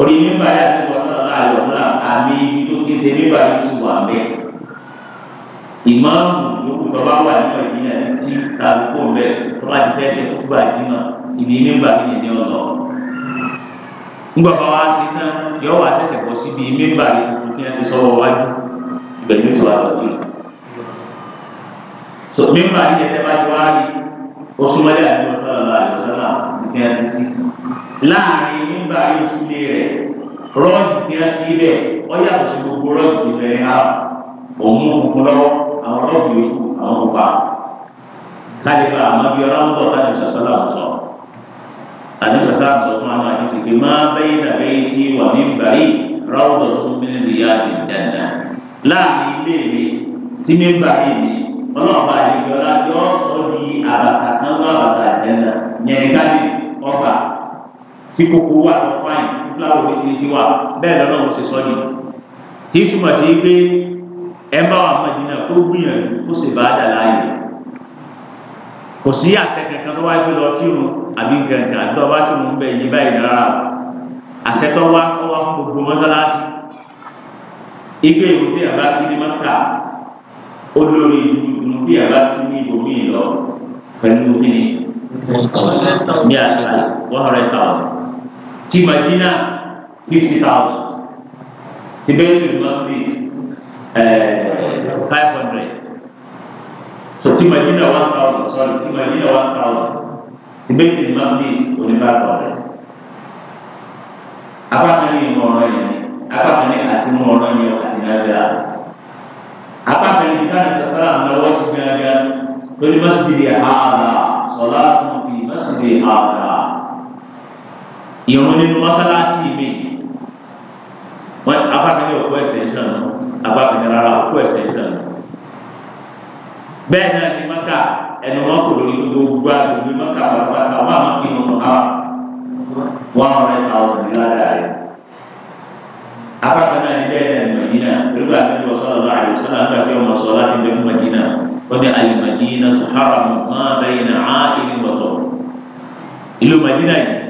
orí mímbà yà ti wọ sọ́nà àlọ́sọ́nà àmì tó ti ṣe mímbà yìí ti wà mẹ́. ìmáàmù yòókù tó bá wà nínú ìdílé títí tàbí kò mẹ́ tó bá ti fẹ́ ṣe kó gbà jìnnà ìdí mímbà yìí ni ọ̀nà. ńgbàgbọ́ wa sí náà yọ wà sẹ̀sẹ̀ bọ̀ síbi mímbà yìí tuntun kí wọ́n ti sọ́wọ́ wájú ìbẹ̀lú tó wà lọ́dún yìí. so mímbà yìí ẹ̀ láàrin nígbà yóò sílé rẹ̀ rọ́ọ̀dì tí a ti bẹ̀ ọ yàtọ̀ sí gbogbo rọ́ọ̀dì bẹ̀rẹ̀ ha òun kúkún lọ́wọ́ àwọn rọ́ọ̀dì yòókù àwọn pupa kálífà àmọ́ bí ọlọ́run bọ̀ láti sàṣọ́lá ọ̀tọ̀ àti sàṣọ́lá ọ̀tọ̀ fún àwọn àti sèké máa bẹ́yìn tàbí tí wà ní bàrí rọ́ọ̀dọ̀ tó ń bẹ́ẹ̀ yá àti dáadáa láàrin ilé mi sí mi bàrí mi ọlọ́ọ̀bà àti ìjọba yọ ọ́ sọ́ di àbàtà kan lọ́ àbàtà àjẹ́ náà tí kókó wà tó fáyìn tí fúláwò oríṣiríṣi wà bẹ́ẹ̀ lọ́nà wọn ṣe sọ ni tí túmọ̀ sí pé ẹ bá wà mọ̀dínà kó gbìyànjú kó sì bá dà láàyè kò sí àṣẹ kankan tó wá ju lọ kírun àbí kankan tó wá kírun ń bẹ yí báyìí rárá àṣẹ tó wá tó wá fún gbogbo mọ́tálásì ìgbé ìlú bí àbá ti ní mọ́tà olórí ìlú bí àbá ti ní ibòmíì lọ pẹ̀lú kíni ní àgbà one hundred thousand ti Madina fifty thousand ti bẹ́ẹ̀ lè lọ sí five hundred so ti Madina one thousand sorry ti Madina one thousand ti bẹ́ẹ̀ lè lọ sí oní five hundred apákan ní ìmọ̀ ọ̀rọ̀ yẹn apákan ní àti mọ̀ ọ̀rọ̀ yẹn àti nàgbà apákan ní ká ní sọ́sọ́lá lọ́wọ́ sí gbẹ́ngàn lórí mọ́sídìí àhàlà sọ́lá tó fi mọ́sídìí àhàlà ìrún nínú mọ́sálásí mi wọ́n abáfẹ́lẹ́ òkú extension abáfẹ́lẹ́ rárá òkú extension bẹ́ẹ̀ náà ní mọ́tà ẹnu wọn kò lórí gbogbo àgbègbè mọ́tà pàápàá wọn àwọn kì í mọ̀ ká one hundred thousand ní ládàá abáfẹ́lẹ́ náà ní bẹ́ẹ̀ náà ní Madina nígbà tí wọ́n sọ̀rọ̀ náà àyè sọ̀rọ̀ nígbà tí wọ́n sọ̀rọ̀ láti bẹ́ẹ̀ wọ́n ní àyè Madina tó hàrà mọ́ máa bẹ́ẹ̀ ní àá ìlú Madina yìí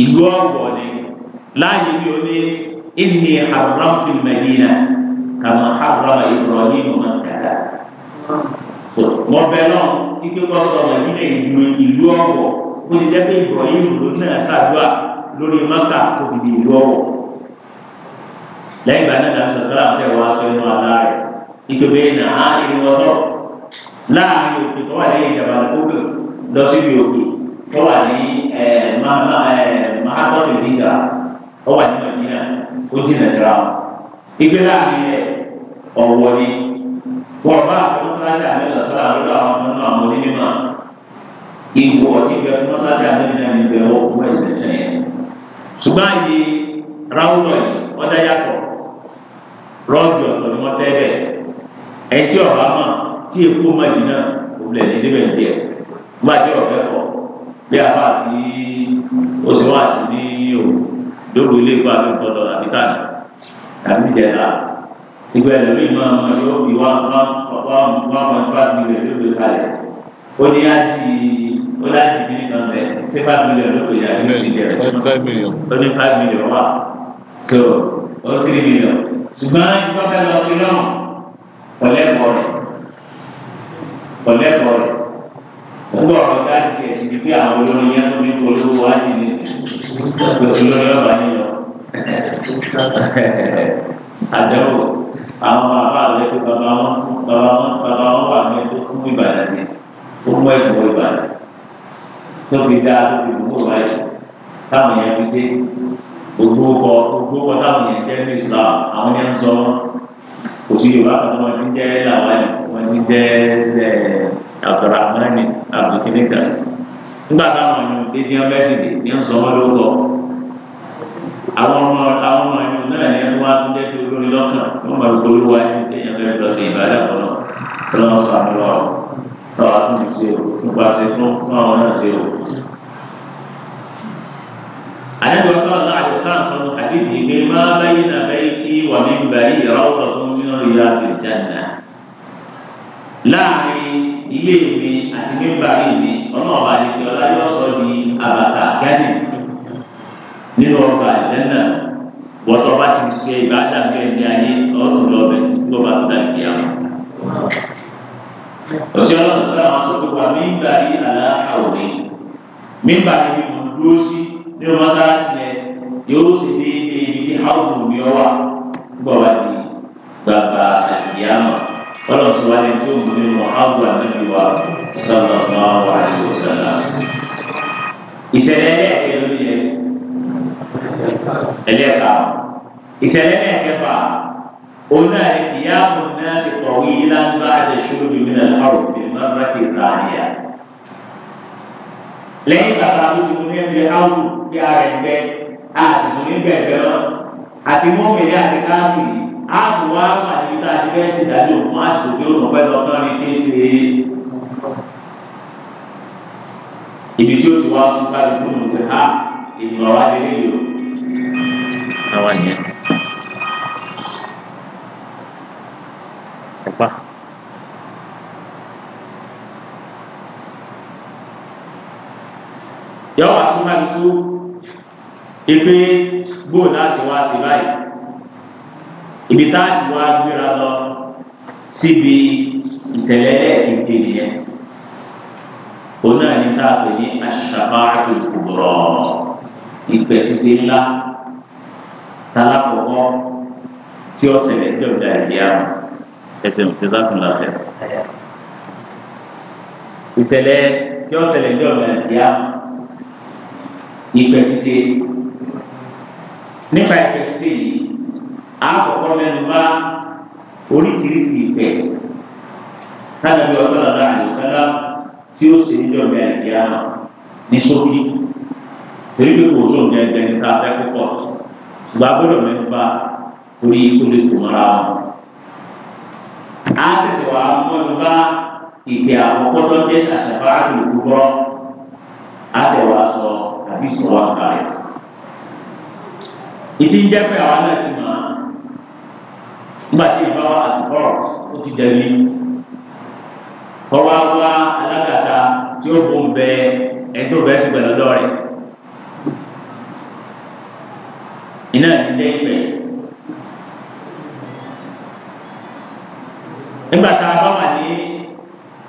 ìlú ọ̀wọ̀ ni láàyè bí o ní ìní haramtu Madina kàmá harama Ibrahim Makkata wọ́n bẹ náà ike kọ́ sọ Madina ìlú ìlú ọ̀wọ̀ mo ti jẹ́ pé Ibrahim ló náà ṣàdúrà lórí Makka tó fi di ìlú ọ̀wọ̀ lẹ́yìn ìgbà náà sọ sọ́ra àti ẹ̀wọ̀ inú àlá rẹ̀ ike bẹ́ẹ̀ nà á ìlú ọ̀dọ́ láàrin òkè tó wà lẹ́yìn ìjàmbá lọ́sibí òkè tó wà ní mahatọ́tù níjà ó wà ní Madina ó jìnà síra ìgbé láàrin rẹ̀ ọ̀wọ́ ni wọ́n bá àwọn mọ́sálásí àti ìṣàṣọ́ra lọ́dọ̀ àwọn ọmọ náà mọ́ nínú náà ìwọ ọtí bẹ mọ́sálásí àti ìṣàṣọ́ra ní bẹ̀rẹ̀ ó kú ẹ̀sìn ìṣẹ̀yẹ ṣùgbọ́n àyè ráwùlọ̀ yìí wọ́n dá yàtọ̀ rọ́ọ̀dù ọ̀tọ̀ ni wọ́n tẹ́ bẹ̀ ẹtí ọ̀bá mọ̀ tí èkó Madina òbílẹ̀ ní bí apá àti oṣù wá sí ní òun lóru ilé ìgbà tó gbọdọ̀ àbí tàbí tàbí jẹ̀dá ìgbà ìlú ìmọ̀ ọmọ yóò fi wá wá wá wá wá wá bí rẹ̀ lóru kalẹ̀ ó ní àti ó láti bí nìkan bẹ̀ ṣé five million ló pè yàrá yóò ti jẹ̀ ó ní five million wà tó ó three million ṣùgbọ́n ìgbà bẹ́ẹ̀ lọ sí náà pọ̀lẹ́pọ̀ rẹ̀ pọ̀lẹ́pọ̀ rẹ̀ nígbà ọ̀rọ̀ dáàbì ẹ̀sìn ní pé àwọn olórin yẹn tó ní kó olówó wá ní ní sí olórin ọba níyọ. àdéhùn àwọn bàbá rẹ pé bàbá wọn bàbá wọn bàbá wọn wà ní ẹjọ́ fún ìbàdàn ni ó mú ẹ̀sùn wọ ìbàdàn tó fi dá tó fi dùn kó wáyé táwọn yẹn fi ṣe gbogbo kọ gbogbo kọ táwọn yẹn jẹ́ ní ìsọ àwọn yẹn ń sọ kò sí Yorùbá kan tó wọn ti jẹ́ làwọn yẹn wọn ti jẹ́ bẹ́ẹ̀ abdulrahmani abdulkinika nígbà táwọn ọmọ yìí dédé ọmọ ẹsìn dé ní ọsàn wọn ló kọ àwọn ọmọ àwọn ọmọ yìí náà ní ẹni wàá tún dẹ́kun lórí lọ́kàn wọn máa gbogbo olúwa yìí ní ẹ̀yàn bẹ́ẹ̀ lọ sí ìbàdàn kan náà lọ́wọ́ sọ àmì lọ́wọ́ lọ́wọ́ àtúntò sí o nípa sí fún fún àwọn náà sí o. àyẹ̀wò ọ̀sán ọ̀la àyọ̀sán fún àdìdì mi máa báyìí náà tí wà ní ìbàdí ìyàwó láàrin ilé mi àti mímbà mi ọ̀nà ọba àdìgbẹ́ ọláyọ̀ sọ di àbàtà gánì nínú ọba àdìgbẹ́nà bọ́tọ̀ bá ti ṣe ìbáàdà bẹ́ẹ̀ ní ayé ọ̀tún lọ́bẹ̀ tó bá tó dàgbé àwọn. òsì ọlọ́sọ̀ sọ́ra àwọn tó gbogbo àmì ń gbà yí àlá àwòrán mímbà mi mò ń dúró sí nínú mọ́sálásí yẹn yóò sì ní ibi tí àwọn òbí ọ wà gbọ́ wá ní bàbá àdìyàmọ̀ fọlọ tí wàá ní tó ń gbé muhammadu anabi wa sallallahu alayhi wa sallam. ìṣẹ̀lẹ̀ ẹlẹ́ẹ̀kẹ́ ló ní yẹ ẹlẹ́ẹ̀ka ìṣẹ̀lẹ̀ ẹlẹ́ẹ̀kẹfà ona ìyáàmù náà ti kọ̀wé ìlànà àdéṣúró mi nínú ọ̀rọ̀ mi lọ́dọ̀ ti rà níyà. lẹ́yìn bàbá tó ti mú ní ẹgbẹ́ áwù bí ara ẹgbẹ́ àti mú ní bẹ̀rẹ̀ lọ àti mú mi ní àti káàkiri àbò wa wà níbi tá a ti fẹ́ ṣe ìdájọ́ fún àsìkò tí ó nà pẹ́ lọ́tọ́ ní kí n ṣe ibi tí ó ti wá fún sáré fún mi ti ha ìgbà wa dé nílò. àwọn yọ wá fún kálukú ipe gbóòdà sí wá sí báyìí. ibi tá a ti wá gbéra lọ síbi ìtẹ̀lẹ́ ẹ̀kíkè yẹn òun náà ní tá a pè ní aṣàbáàtò ìkùbọ̀rọ̀ ìpè ṣíṣe ńlá tálákọ̀ọ́ tí ó ṣẹlẹ̀ tí ó da ìdí àmọ́ ẹsẹ̀ ní ṣẹ́sà fún lọ́fẹ̀. ìṣẹ̀lẹ̀ tí ó ṣẹlẹ̀ tí ó da ìdí ìpè ṣíṣe nípa ìpè ṣíṣe yìí. àkọ́kọ́ mẹ́nu bá oríṣiríṣi ìpè tánàbí ọ̀sán àdá àdìsọ́lá tí ó sì ń jọ bẹ́ẹ̀ kí á ní sókí torí pé kò tó ń jẹ́ ẹgbẹ́ níta fẹ́ púpọ̀ ṣùgbọ́n agbọ́dọ̀ mẹ́nu bá orí tó lè tó mọ́ra wọn. a tẹ̀sẹ̀ wá mọ́nu bá ìpè àkọ́kọ́ tó jẹ́ àṣàbá àdìsọ́lá gbọ́ a tẹ̀ sọ àbí sọ̀rọ̀ àkàrẹ̀. ìtì ń jẹ́ pé náà nígbà tí ìbá wa àtìkọ́ ó ti dẹ̀bi kọ́wá wá alágàtà tí ó bò ń bẹ ẹjọ́ bẹ́ẹ̀ sì pẹ̀lú lọ́rẹ̀ iná ìdílé ìpè nígbà tá a bá wà ní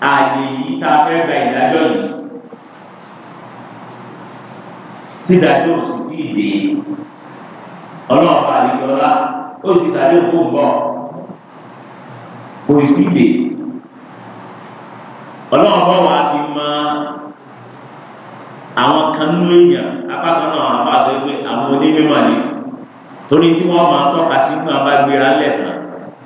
ààyè yìí tá a fẹ́ gba ìdájọ́ yìí tí ìdájọ́ òsì tí ì dé ọlọ́ọ̀pá àlejò ọlá ó ti sàdé òkú ń bọ̀ kò sí lè ọlọ́run bá wà á fi mọ àwọn kan nínú èèyàn apákan náà àwọn àbá àgbẹ̀ pé àwọn onímọ̀ ni torí tí wọ́n máa tọ́ka sí fún abágbéra lẹ́ẹ̀kan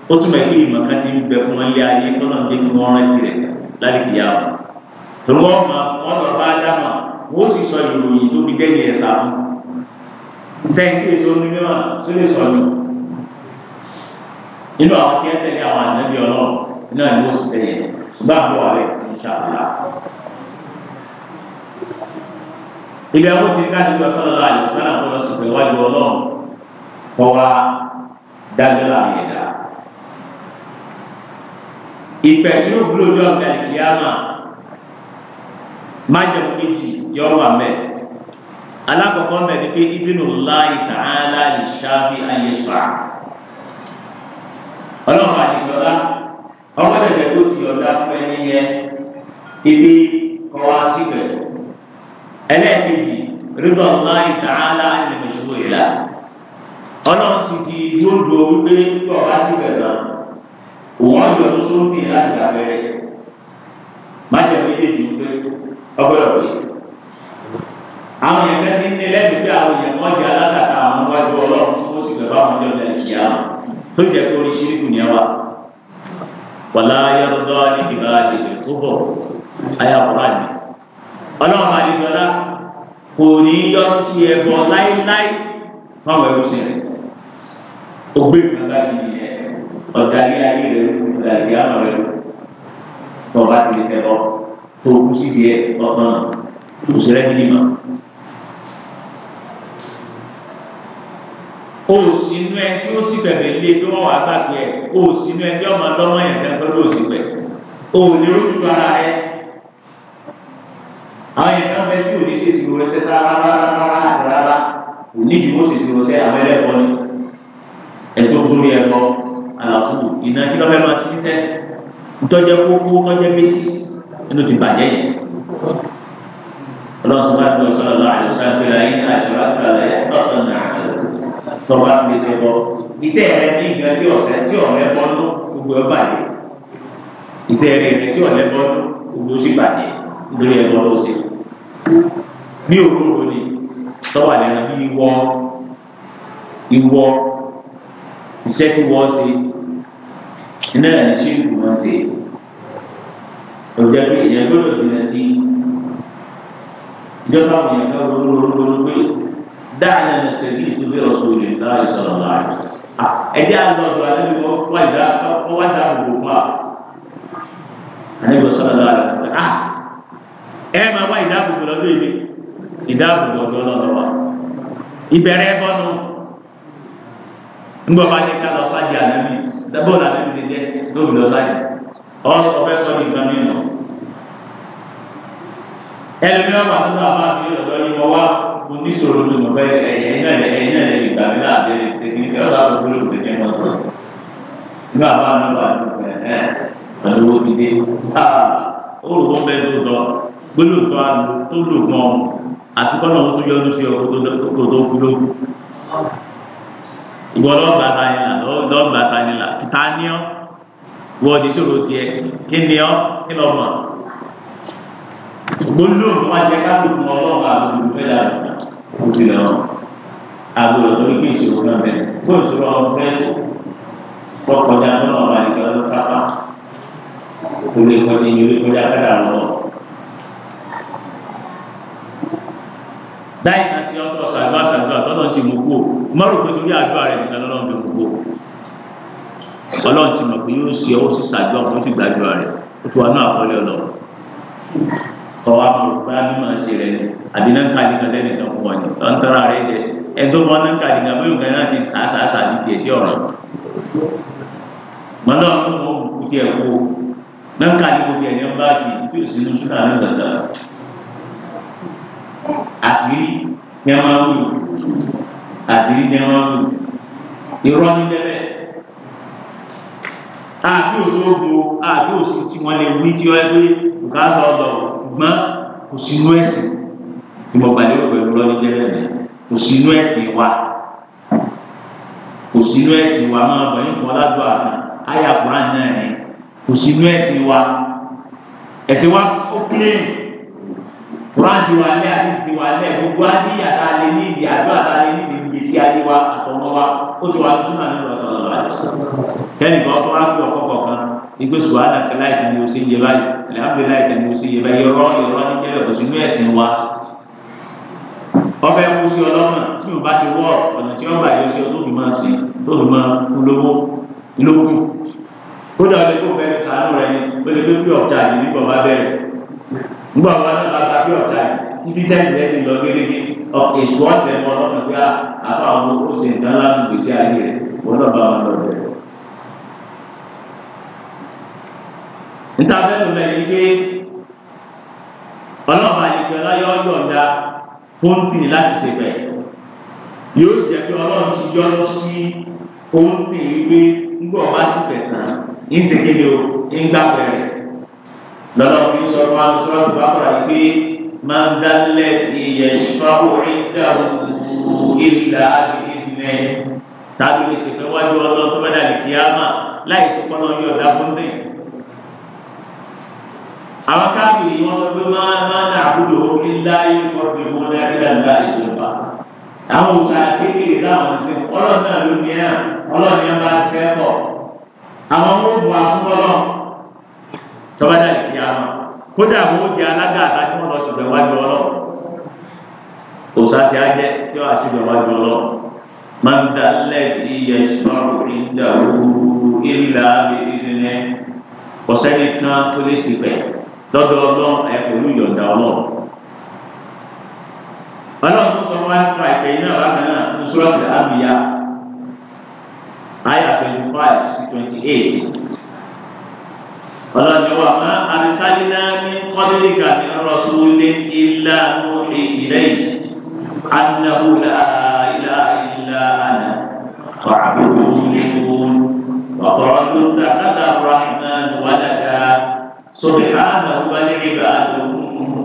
ó túmọ̀ pé ìmọ̀ kan ti ń bẹ fún wọn lé ayé tó náà dé kí wọ́n rántí rẹ̀ láti kìyà wọn torí wọ́n máa wọ́n lọ bá dáhùn wọ́n sì sọ ìròyìn tó fi dẹ́ni ẹ̀ sáà fún sẹ́ńtì èso onímọ̀ tó lè sọ inú àwọn tí ẹ tẹ̀lé àwọn ànábì ọlọ́run iná ni wọ́n ṣiṣẹ́ yẹn ṣùgbọ́n àbúrò rẹ̀ ń ṣàlùlá. ibi àwọn tí ká nígbà sọ́dọ̀ náà àyè sọ́dọ̀ àwọn ọ̀rọ̀ sọ̀tẹ̀ wájú ọlọ́run kọ́ wa dájọ́ láàyè dá. ìpè tí ó gbúlò ní ọ̀gá ìkíyàmà májẹ̀mú méjì yọ̀ọ́ wà mẹ́ alákọ̀ọ́kọ́ mẹ́rin pé ibùdó láì tààlà ìṣáfi ayé sọ̀rọ̀ ọlọ́run àdìgbọ́lá ọmọ ẹ̀jẹ̀ tó ti ọ̀dà pẹ́ níyẹn ibi kọ́ wá síbẹ̀ ẹlẹ́ẹ̀kejì rídọ̀ ọ̀la ìtàhálà ìlẹ̀mẹ̀ṣọ́gbó ìlà ọlọ́run sì ti dúró wípé kọ́ wá síbẹ̀ náà òun ọ̀dọ̀ tó sóńtì láti abẹ́rẹ́ májẹ̀ méjèèjì wípé ọgbẹ́rọ̀ pé àwọn yẹn fẹ́ ti ń ní lẹ́bi pé àwọn yẹn wọ́n di alákàtà àwọn wájú ọlọ́run tó sì bẹ̀ bá wọn jọ lẹ́yìn ìyá tó jẹ́ kó ní ṣíríkù ní ẹwà wàlá yọ̀dọ̀ ní ìgbà àdìgbò tó bọ̀ ayàwòrán àdì ọlọ́run àdìgbọ́lá kò ní yọ sí ẹbọ láíláí fáwọn ẹrú sí rẹ ògbé kàkà yìí yẹ ọ̀dàrí ayé rẹ ọ̀dàrí àmọ̀ rẹ tọ́ba ti sẹ́kọ̀ tó kú síbi ẹ̀ ọ̀kan òṣèré nílùú o sì inú ẹ tí ó sì bẹ̀rẹ̀ lé bí wọ́n wà gbàgbé ẹ o sì inú ẹ tí ọmọ ọlọ́mọ yẹn fẹ́ fẹ́ ló sì pẹ̀ o lè ó dúdú ara ẹ. àwọn yẹn náà fẹ́ tí ò ní ṣe ìṣirò ẹsẹ̀ rárá rárá kò ní ìdìbò ṣe ìṣirò ẹsẹ̀ àwọn ẹlẹ́kọ̀ọ́ ni ẹ̀tọ́ torí ẹ̀kọ́ àlàkù ìná kí lọ́fẹ́ máa ṣí sẹ́ ntọ́jẹ́ kókó kọ́jẹ́ méṣì ẹnu ti bàjẹ́ yẹn ọlọ́run tó bá dùn sọ́dọ̀ lọ́wọ́ tọ́ba gbèsè bọ́ iṣẹ́ rẹ ní ìgbà tí ọ̀sẹ̀ tí ọ̀rẹ́ bọ́ lọ gbogbo ẹ̀ bàjẹ́ iṣẹ́ rẹ ní tí ọ̀rẹ́ bọ́ lọ gbogbo ó sì bàjẹ́ nítorí ẹ̀ bọ́ lọ́sẹ̀ bí òwúrò ni tọ́wà lẹ́nu bí ìwọ ìwọ iṣẹ́ tí wọ́n ṣe iná ẹ̀ ṣe ìlú wọn ṣe òjò pé èèyàn gbọ́dọ̀ jìnnà ìjọba àwọn èèyàn kan ronú ronú dáhà ní sẹ́yìn ìtúbí ọ̀sùn lè dá ìsọ̀rọ̀ láàyè. ẹ̀jẹ̀ àgbọ̀dọ̀ àdébí wọ́n dá wọ́n dá gbogbo pa. àdébí ọ̀sọ̀rọ̀ láàyè Ah, ẹ máa wá ìdáàbòbò lọ́dún yìí ìdáàbòbò ọ̀dọ́ lọ́dọ̀ wa. ìbẹ̀rẹ̀ bọ́nu ńgbọ́ bá ní ká lọ sáàjì àdébí dábọ́ọ̀lù àdébí ti jẹ́ lóbi lọ sáàjì ọ̀fẹ́ sọ ní ìgbà mìíràn. ẹlẹ́mi mo ní sọ̀rọ̀ mi mo fẹ́ ẹ̀yìn náà ẹ̀yìn náà ẹ̀yìn ìgbà mi láàbẹ̀ tẹ̀kíníkì ọ̀la àbúrò mi tẹ̀kí ẹ̀mọ́ sọ̀rọ̀ nígbà bá mi wà ẹ̀ àti owó ti dé ha olùkọ́ bẹ́ẹ̀ tó tọ́ gbólóòtọ́ àlù tó lò mọ́ àti kọ́nà tó yọ ọdún sí ọ kó tó kú ló ìwọ lọ́ọ̀gbà tanilà lọ́ọ̀gbà tanilà kìtàníọ́ wọ́ọ̀dì sọ̀rọ̀ tiẹ̀ kí ni ọ́ kí lọ́ọ̀ mọ̀ gbólóòtọ́ àjẹká lò mọ́ ọlọ́ọ̀gbà lò fẹ́ dàrú ó ti lọ agbọ̀dọ̀ tó ní kí ìṣòro náà bẹ̀rẹ̀ kó ìṣòro ọ̀fẹ́ kọkọjá tó náà wà nígbà tó kápá olè kọjá ìlú kọjá kára lọ. dáì sàṣì ọ̀tọ̀ ṣàdúrà ṣàdúrà tọ́lọ́ ti mú kú mọ́rùn pé torí àdúrà rẹ̀ nìkan lọ́lọ́ ti mú kú ọlọ́run ti mọ̀ pé yóò ṣe ọwọ́ sí ṣàdúrà kó ti gbàdúrà rẹ̀ ó ti wà náà àkọlé ọlọ́run tọ́wọ́ àpòpá bí máa ṣe rẹ̀ ni àbí náà ká lẹ́nu ìtàn pọ̀ ni tó ń tọ́ra rẹ̀ jẹ ẹ̀tọ́ bọ́ náà ká nìkan bóyá nǹkan náà ti sàásàásà ti tiẹ̀ tí ọ̀rọ̀ mọ́tò ọ̀hún mọ́ kú tiẹ̀ kú náà ká nìkan tiẹ̀ ní ọba àti tí ò sínú súnà ní gbàgbà àṣírí tẹ́ máa ń lò àṣírí tẹ́ máa ń lò irọ́ ní bẹ́ẹ̀ àti òṣogbo àti òsì tí wọ́n lè ní tí ó ẹgbẹ́ bùkátà ọ̀dọ̀ gbọ́n kò sí inú ẹ̀sìn tí mo gbàlérò pẹ̀lú lọ́ní jẹ́rẹ̀ kò sí inú wa kò sí wa máa bọ̀ ní ládùú àná náà ni kò sí inú wa wa ó wà lẹ́ àti wà lẹ́ gbogbo ní ìdí àdúrà kẹ́ni kan tó wá pé ọkọ̀ kọ̀ọ̀kan igbe suwana kẹláì kan ni o sì yẹ báyìí alihamdulilayi kan ni o sì yẹ báyìí yọrọ yọrọ ní kẹlẹ kò sí inú ẹ̀sìn wa ọbẹ̀ kú sí ọlọ́mọ tí mo bá ti wọ ọ̀nà tí wọ́n bá yọ sí ọ tó fi máa sìn tó fi máa kú lówó lówó ó dàbí kó bẹ́ẹ̀ sànú rẹ ni ó lè gbé pé ọ̀tá yìí nígbà wá bẹ̀rẹ̀ nígbà wá náà bá gbà pé ọ̀tá ah, yìí níta bẹ́ẹ̀ ló bẹ̀rẹ̀ pé ọlọ́ọ̀bà àyíkẹ́ ọláyọ́ yọ̀ọ̀dá fóńtì láti ṣe bẹ́ẹ̀ yóò sì jẹ́ pé ọlọ́run ti yọ́nú sí fóńtì wípé ńgbọ̀ bá ti tẹ̀tàn ní ìsèkéde o ní gbàgbẹ́rẹ́ lọ́lọ́run fi sọ fún àwọn sọ́ọ́dù bá kọ́ra pé máa ń dálẹ̀ ìyẹ̀sùpáwò ìdáhùn ìlà ìdílé tàbí ìṣèfẹ́ wájú ọlọ́run tó bẹ́ẹ̀ dàbí kíá àwọn káàkiri wọn sọ pé máa máa dà kúlò ó kí láyé kọ́ọ̀tù ìmọ̀ ní akíndàgbà ìṣèlúpa àwọn òṣà kékeré táwọn ń sìn ọlọ́run náà ló ní ẹ̀ ọlọ́run yẹn bá ṣẹ́ pọ̀ àwọn mọ́ọ̀bù àfúnbọ́lọ́ tọ́bádà ìdí àwọn kódà àwọn oúnjẹ alága àtàkì wọn lọ sọ̀rọ̀ iwájú ọlọ́run òṣà ti á jẹ́ tí wọ́n á sì bẹ̀ wájú ọlọ́run. من ذا الذي يشفع عنده إلا بإذنه وسنتنا كل سبيل lọ́dọ̀ ọlọ́run ẹ̀ pẹ̀lú ìyọ̀dà ọlọ́run. ọlọ́run tó sọ wáyé fún àìpẹ́ iná bákan náà ní sọ́ọ̀tì àbíyá àyà twenty five sí twenty eight. ọlọ́run ni wà má àbísálí náà ní kọ́díríkà ní rọ́ṣúlẹ̀ ilá lórí ilé yìí. أنه لا إله إلا أنا فاعبدوني وقالوا اتخذ الرحمن ولدا سبحانه بل عباده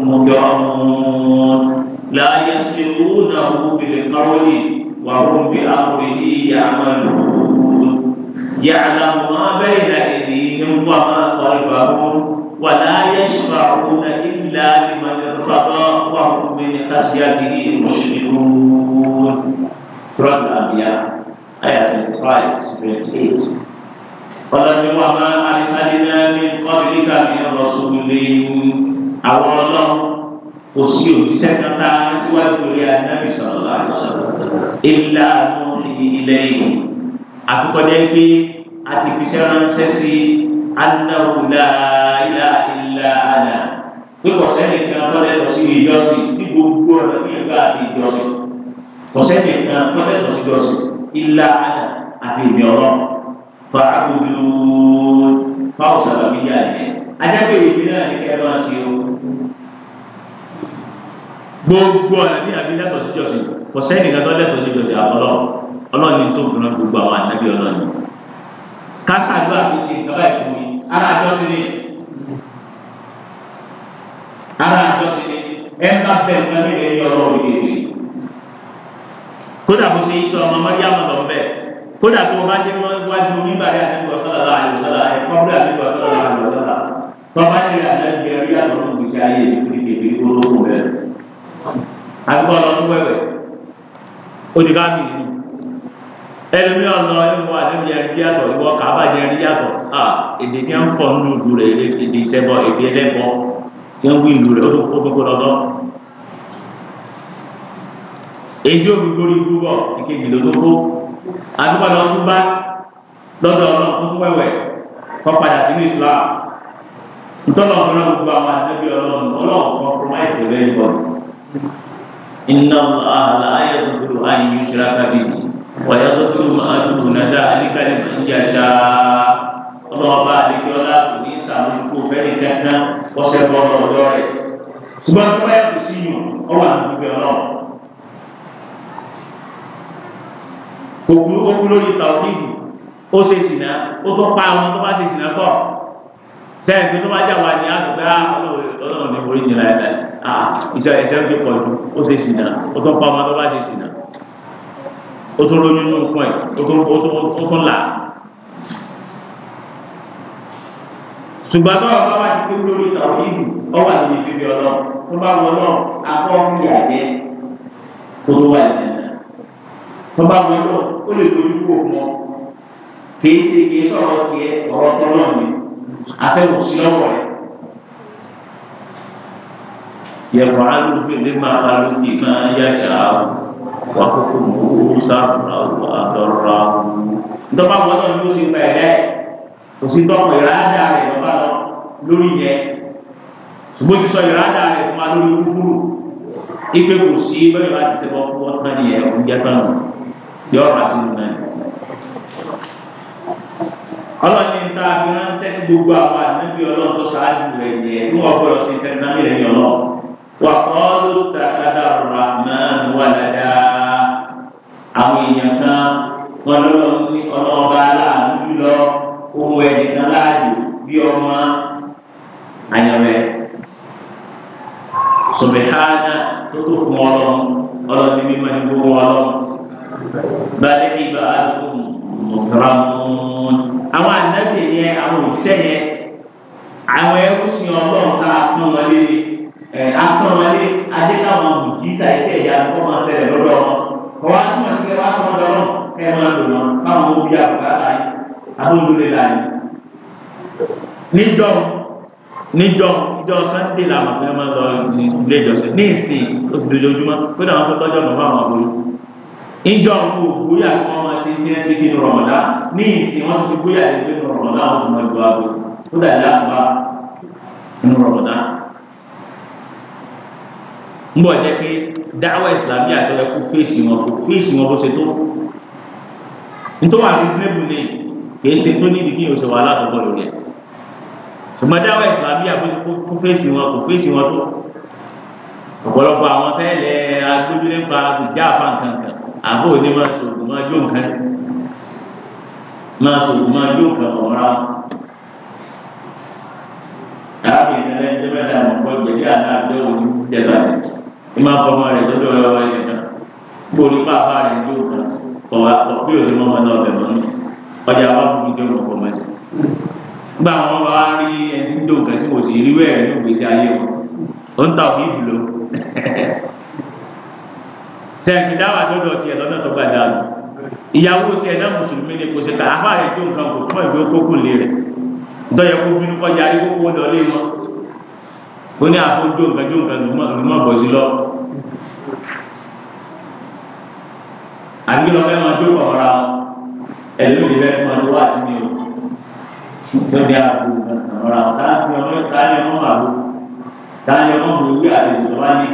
مكرمون لا يسبقونه بالقول وهم بأمره يعملون يعلم ما بين أيديهم وما خلفهم ولا يشفعون إلا لمن ارتضى وهم من خشيته مشركون. رد Abia, Ayah 5, verse 8. ọlọ́ni wa máa arísádínà ní kọ́bílíkà ní rọ̀ṣùlùmí àwọn ọlọ́ kò sí òjíṣẹ́ kata síwájú orí anábì sọ̀rọ̀ láàrúṣọ̀rọ̀ ilé àánú ilé ìlú àfikọ́jẹ́ pé a ti fi sẹ́ránṣẹ́ sí anáwùlá ilá ilá àná pé kọ̀sẹ́nì kan tọ́lẹ̀ lọ sí ìjọsìn ní gbogbo ọ̀nà ní ìgbà àti ìjọsìn kọ̀sẹ́nì kan tọ́lẹ̀ lọ sí ìjọsìn ilá àná àti ìmì ọlọ́run fàákùdùn fáwọn sàlàmìyà yẹn ajáde ìwé náà ní kẹrọ àti o gbogbo ọ̀nà ní àbí lẹ́tọ̀ sí jọ̀sìn kò sẹ́ni kan tó lẹ́tọ̀ sí jọ̀sìn àbọ̀lọ́ ọlọ́ọ̀ni tó gbọ́n gbogbo àwọn ànábì ọlọ́ọ̀ni kásádùá fi ṣe ìjọba ìfún mi ara àjọsìn ni ara àjọsìn ni ẹ bá bẹ nǹkan ní ẹ̀yìn ọlọ́ọ̀ni kódà kó ṣe iṣẹ́ ọmọ mọ́ríàmù lọ́bẹ̀ẹ́ kódà tó o bá jẹ́ wájú nígbàdí àdúgbò sọ́lá láàyè sọ́lá ẹ̀ kọ́kúrẹ́ àdúgbò sọ́lá láàyè sọ́lá tọ́ba ní àdájọ́ ẹ̀rí àtọ́nù gbèsè ayé ìdíkèké olóko rẹ̀ àdúgbò ọlọ́dún wẹ̀wẹ̀ òdìbá mi ni ẹlòmí ọ̀nà ìwọ àdébí ẹ̀rí yàtọ̀ ìwọ kàbá jẹ́ ẹ̀rí yàtọ̀ à èdè kí wọ́n pọ̀ nínú ìlú rẹ̀ èdè ìṣẹ́bọ̀ èdè ẹlẹ́bọ̀ kí wọ́n wí ìlú rẹ̀ ó gbogbo lọ́dọ́ èdè òbí gbórí gbúgbọ̀ ìkejì lọ́dọ́ àdúgbò lọ tún bá lọ́dọ̀ ọlọ́run tó tún wẹ̀wẹ̀ kọ́ padà sínú Islam ntọ́lọ̀ ọ̀gbọ́n gbogbo àwọn àdébí ọlọ́run ọlọ́run kan promise the very body iná àlà ayé tuntun ayé yìí ṣe rákàbí wàyà tó tún máa dùn nàdá àníkàlẹ̀ máa ń yà ṣá ọlọ́ọ̀bá àdébí ọlá kò ní sàmúlùkù bẹ́ẹ̀ kankan ọ̀sẹ̀ bọ́ ọlọ́ọ̀dọ́ rẹ̀ ṣùgbọ́n tó bá yàtọ̀ òkú òkú lórí tàwọnìdù ó ṣe ṣìnà ó tó pa àwọn tó bá ṣe ṣìnà pọ̀ sẹ́yìn tó tó bá jà wà ní àdùgbà ah, ọlọ́run ní orí ìjìnlá ẹ̀dá ah, iṣẹ́ ẹ̀ṣẹ́ ń fi pọ̀ jù ó ṣe ṣìnà ó tó pa àwọn tó bá ṣe ṣìnà ó tó lóyún ní nǹkan ẹ̀ ó tó là. ṣùgbọ́n tó ọ̀gá wá ti kéwú lórí tàwọnìdù ọ wà níbi fífi ọlọ́run tó bá wọ náà akọ́ wọ́n bá wọn lọ ó lè dojú kó fún ọ kìí ṣe kìí sọ̀rọ̀ tiẹ̀ ọ̀rọ̀ tó náà ni àtẹ̀wò sí lọ́wọ́ rẹ̀ yẹ̀fọ́ alóòfin lè máa fa lókè máa yá ṣááwó wà kókó mọ́wó sáfùrà wò àtọ̀rọ̀ àwọn ìdọ́gba wọn náà yóò ṣe pẹ̀lẹ́ kò sí dọ́kọ̀ ìrádà rẹ̀ lọ́ba lọ lórí yẹn ṣùgbọ́n ti sọ ìrádà rẹ̀ fún wa lórí kúkúrú ipe kò sí bẹ́ẹ̀ bá ti ṣe bọ́ fún ọ̀tán yẹn oúnjẹ tán nù yọ ọ̀rọ̀ àti nùnà ni. ọlọ́ọ̀ni ta fi ránṣẹ́ sí gbogbo àwọn ànábì ọlọ́run tó ṣáájú rẹ̀ yẹ kí wọ́n gbọ́dọ̀ sí tẹ̀sán ilẹ̀ yẹn lọ. wà kọ́ ló ta ṣáda ọ̀rọ̀ àmọ́ wà dáadáa àwọn èèyàn kan wọn lọ́wọ́ ní ọlọ́ọ̀bá aláàánú jùlọ ohun ẹ̀dínkan láàyò bí ọmọ àyànfẹ́ sọ̀bẹ̀hánà tó tó fún ọlọ́run ọlọ́run mímọ́ ní gbogbo ọlọ́run balẹ̀bí bá a lò mọ̀tàrà mọ́n. àwọn ànábì yẹn àwọn òṣìṣẹ́ yẹn àwọn ẹ̀kúsí ọlọ́run ká pọ́n wọn léde ẹ̀ apọ́n wọn léde adékáwọn jísà iṣẹ́ ìyá kọ́ máa ṣẹlẹ̀ lọ́dọ̀ wọn. ọwọ́ àtúmọ̀ sí ẹ wá sọ ọ́dọ̀ wọn kẹ́ ẹ máa lò wọn káwọn ó bí àbùkátà yìí àbúrúlé láàyè. níjọ́ níjọ́ ìjọ sannde làwọn fẹ́ẹ́ máa lọ ilé ìjọsìn ní ìsìn ojoojúmọ́ kó dà wọn tó tọ́jọ́ mọ́ fáwọn àbúrò ìjọ àwọn ògbóyà kí wọ́n máa ṣe ní ẹsẹ̀ kí ní rọ̀mọ̀dá ní ìsìn wọ́n ti fi gbóyà ní pé ní rọ̀mọ̀dá wọn ti máa ju aago tó dà ní àgbà ní rọ̀mọ̀dá. ń bọ̀ jẹ́ pé dáwọ́ ìsìlámì àtẹ̀lẹ́ kó fèsì wọn kó fèsì wọn bó ṣe tó. nítorí àti sẹ́bù ni kìí ṣe tó nídìí kí oṣù wàhálà tó bọ̀lù rẹ̀. ṣùgbọ́n dáwọ́ ìsìlámì àbójú kó fèsì wọn kó fèsì wọn tó. ọ̀pọ̀lọpọ̀ àbó ní máa sòkò máa jó nǹkan máa sòkò máa jó nǹkan ọ̀rá dáàbì ìdílé ẹjẹ mẹ́ta àmọ̀kọ́ gbèdé àdáàbẹ̀ òní jẹba ní máa fọ ọmọ rẹ̀ lọ́dọ̀ ọ̀rọ̀ ẹ̀ náà gbòòrí pàápàá rẹ̀ jó nǹkan ọ̀wà ọ̀pẹ́ òní mọ́mọ́ náà bẹ̀ mọ́ ọjà wa fún mi jẹ́ òkùnkùn mẹ́sì. gba àwọn bá rí ẹni tó nǹkan tí mo sì rí wẹ́ẹ̀ ní ògbésí ayé wọn ó ń ta òbí sẹ́ẹ̀kì dáwà dọ́dọ̀ tiẹ̀ lọ́nà tó gbà dáa ìyàwó tiẹ̀ náà mùsùlùmí ni kò sí ta àbá rẹ̀ tó nǹkan kò fún ìwé kókò lé rẹ̀ dọ́yẹ kó bínú kọjá ikú kó lọlé wọn ó ní àfọ jó nǹkan jó nǹkan lùmọ̀ bọ̀ sí lọ. àgbélọ́fẹ́ máa jó kọ̀ọ̀ra ẹ̀lẹ́mìí bẹ́ẹ̀ máa ti wá sí mi o tó ní àbò ọ̀ra táà fi ọmọ táà ní ọmọ àbò táà ní ọmọ òwe àti ìjọba ní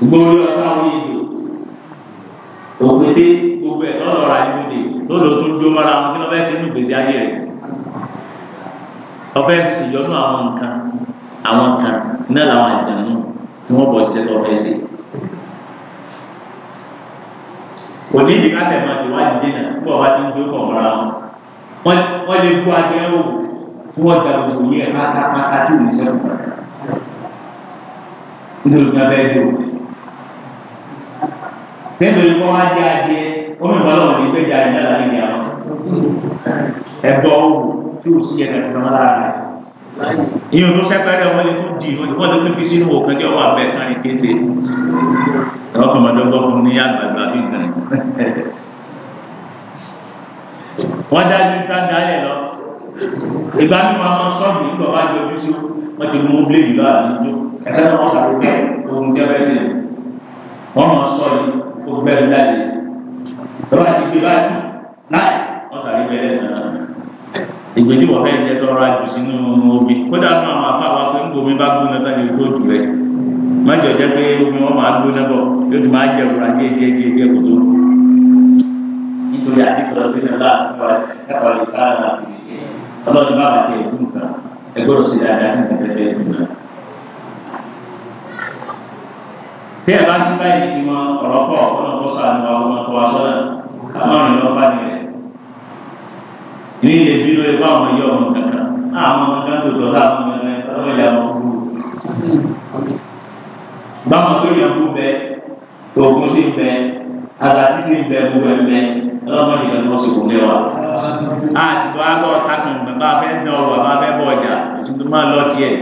gbogbo ọ̀tá wọn yìí lò òkété gbogbo ẹ̀ lọ́dọ̀ ra ìlú de lọ́dọ̀ tó ń jó mọ́ra wọn kí lọ́ fẹ́ẹ́ ṣe ní gbèsè ayé rẹ̀ lọ́ fẹ́ẹ́ sì yọnu àwọn nǹkan àwọn nǹkan náà làwọn àìsàn náà tí wọ́n bọ̀ ṣiṣẹ́ lọ́ fẹ́ẹ́ ṣe. òní ìdí ká tẹ̀mọ̀ sí wáyé dínà púpọ̀ wá ti ń jó pọ̀ mọ́ra wọn wọ́n lè kó akẹ́wò tí wọ́n gba gbogbo yẹ pátápátá tó ní sẹ́kù nítorí ká bẹ́ẹ̀ dé sẹ́ńtòrí kọ́ wá jẹ́ adìẹ onímọ̀ ọlọ́run ní gbẹ́jà ìyá lára ìyá wọn. ẹ̀bọ̀ wò tí ò sí ẹ̀kẹ́ tó máa lára rẹ̀. ìyẹn tó sẹ́pẹ́rẹ́ wọn lè tún dì wọ́n lè tún fi sínú òkè tí ọwọ́ abẹ́ kan ní kése. ọkọ̀ mọ̀dọ́gbọ́ fún ní àgbàgbà bí nǹkan. wọ́n dá ju táńdá yẹn lọ. ìgbà mi máa mọ sọ́ọ̀bù nígbà wá di ojú sí wọ́n ti mú bíléèdì lọ àdúgbò ẹ̀fẹ́ ó gbẹ́rù jáde lọ́wọ́ àti gbé báyìí láì wọ́n sàrí bẹ́ẹ̀ náà ìgbèjì wọ́n fẹ́ jẹ́ tọrọ àjù sínú omi kódà náà àwọn afá wa pé ń bomi bá gbóná sáré tó jù rẹ̀ má jọ jẹ́ pé omi wọn máa gbóná bọ̀ yóò ti máa jẹ òrùra gégégégé kò tó nítorí àdìsọ̀rọ̀ sí ní ọlá àtúwọ̀ ẹ̀kọ́ ọ̀lẹ́sára àti ọlọ́run bá bàtẹ̀ ẹ̀kú nǹkan ẹgbọ́dọ̀ sí dáadáa sí ìgbàgbẹ́ ẹ̀kú náà. bí ẹ bá ti báyìí ti mọ ọ̀rọ̀ pọ̀ ọ̀nà tó sọ àná ọmọ tó wá sọ́nà kámọ́rin lọ bá nílẹ̀ ní ilé bí ló ẹgbẹ́ àwọn ẹyọ ọmọ kankan àwọn ọmọ kan tó dọ̀lá àwọn ọmọ ẹ̀ ọmọ ìyá ọmọ fúru báwọn tó yẹ kú bẹ oògùn sí bẹ àgàtí sí bẹ gbogbo ẹ bẹ ọlọ́mọ ìyá ọmọ sì kò lẹ́wà. àtìgbà àgọ́ takùn bàbá fẹ́ dán ọ̀rọ̀ bàbá fẹ́ bọ̀ ọjà tuntun máa lọ tiẹ̀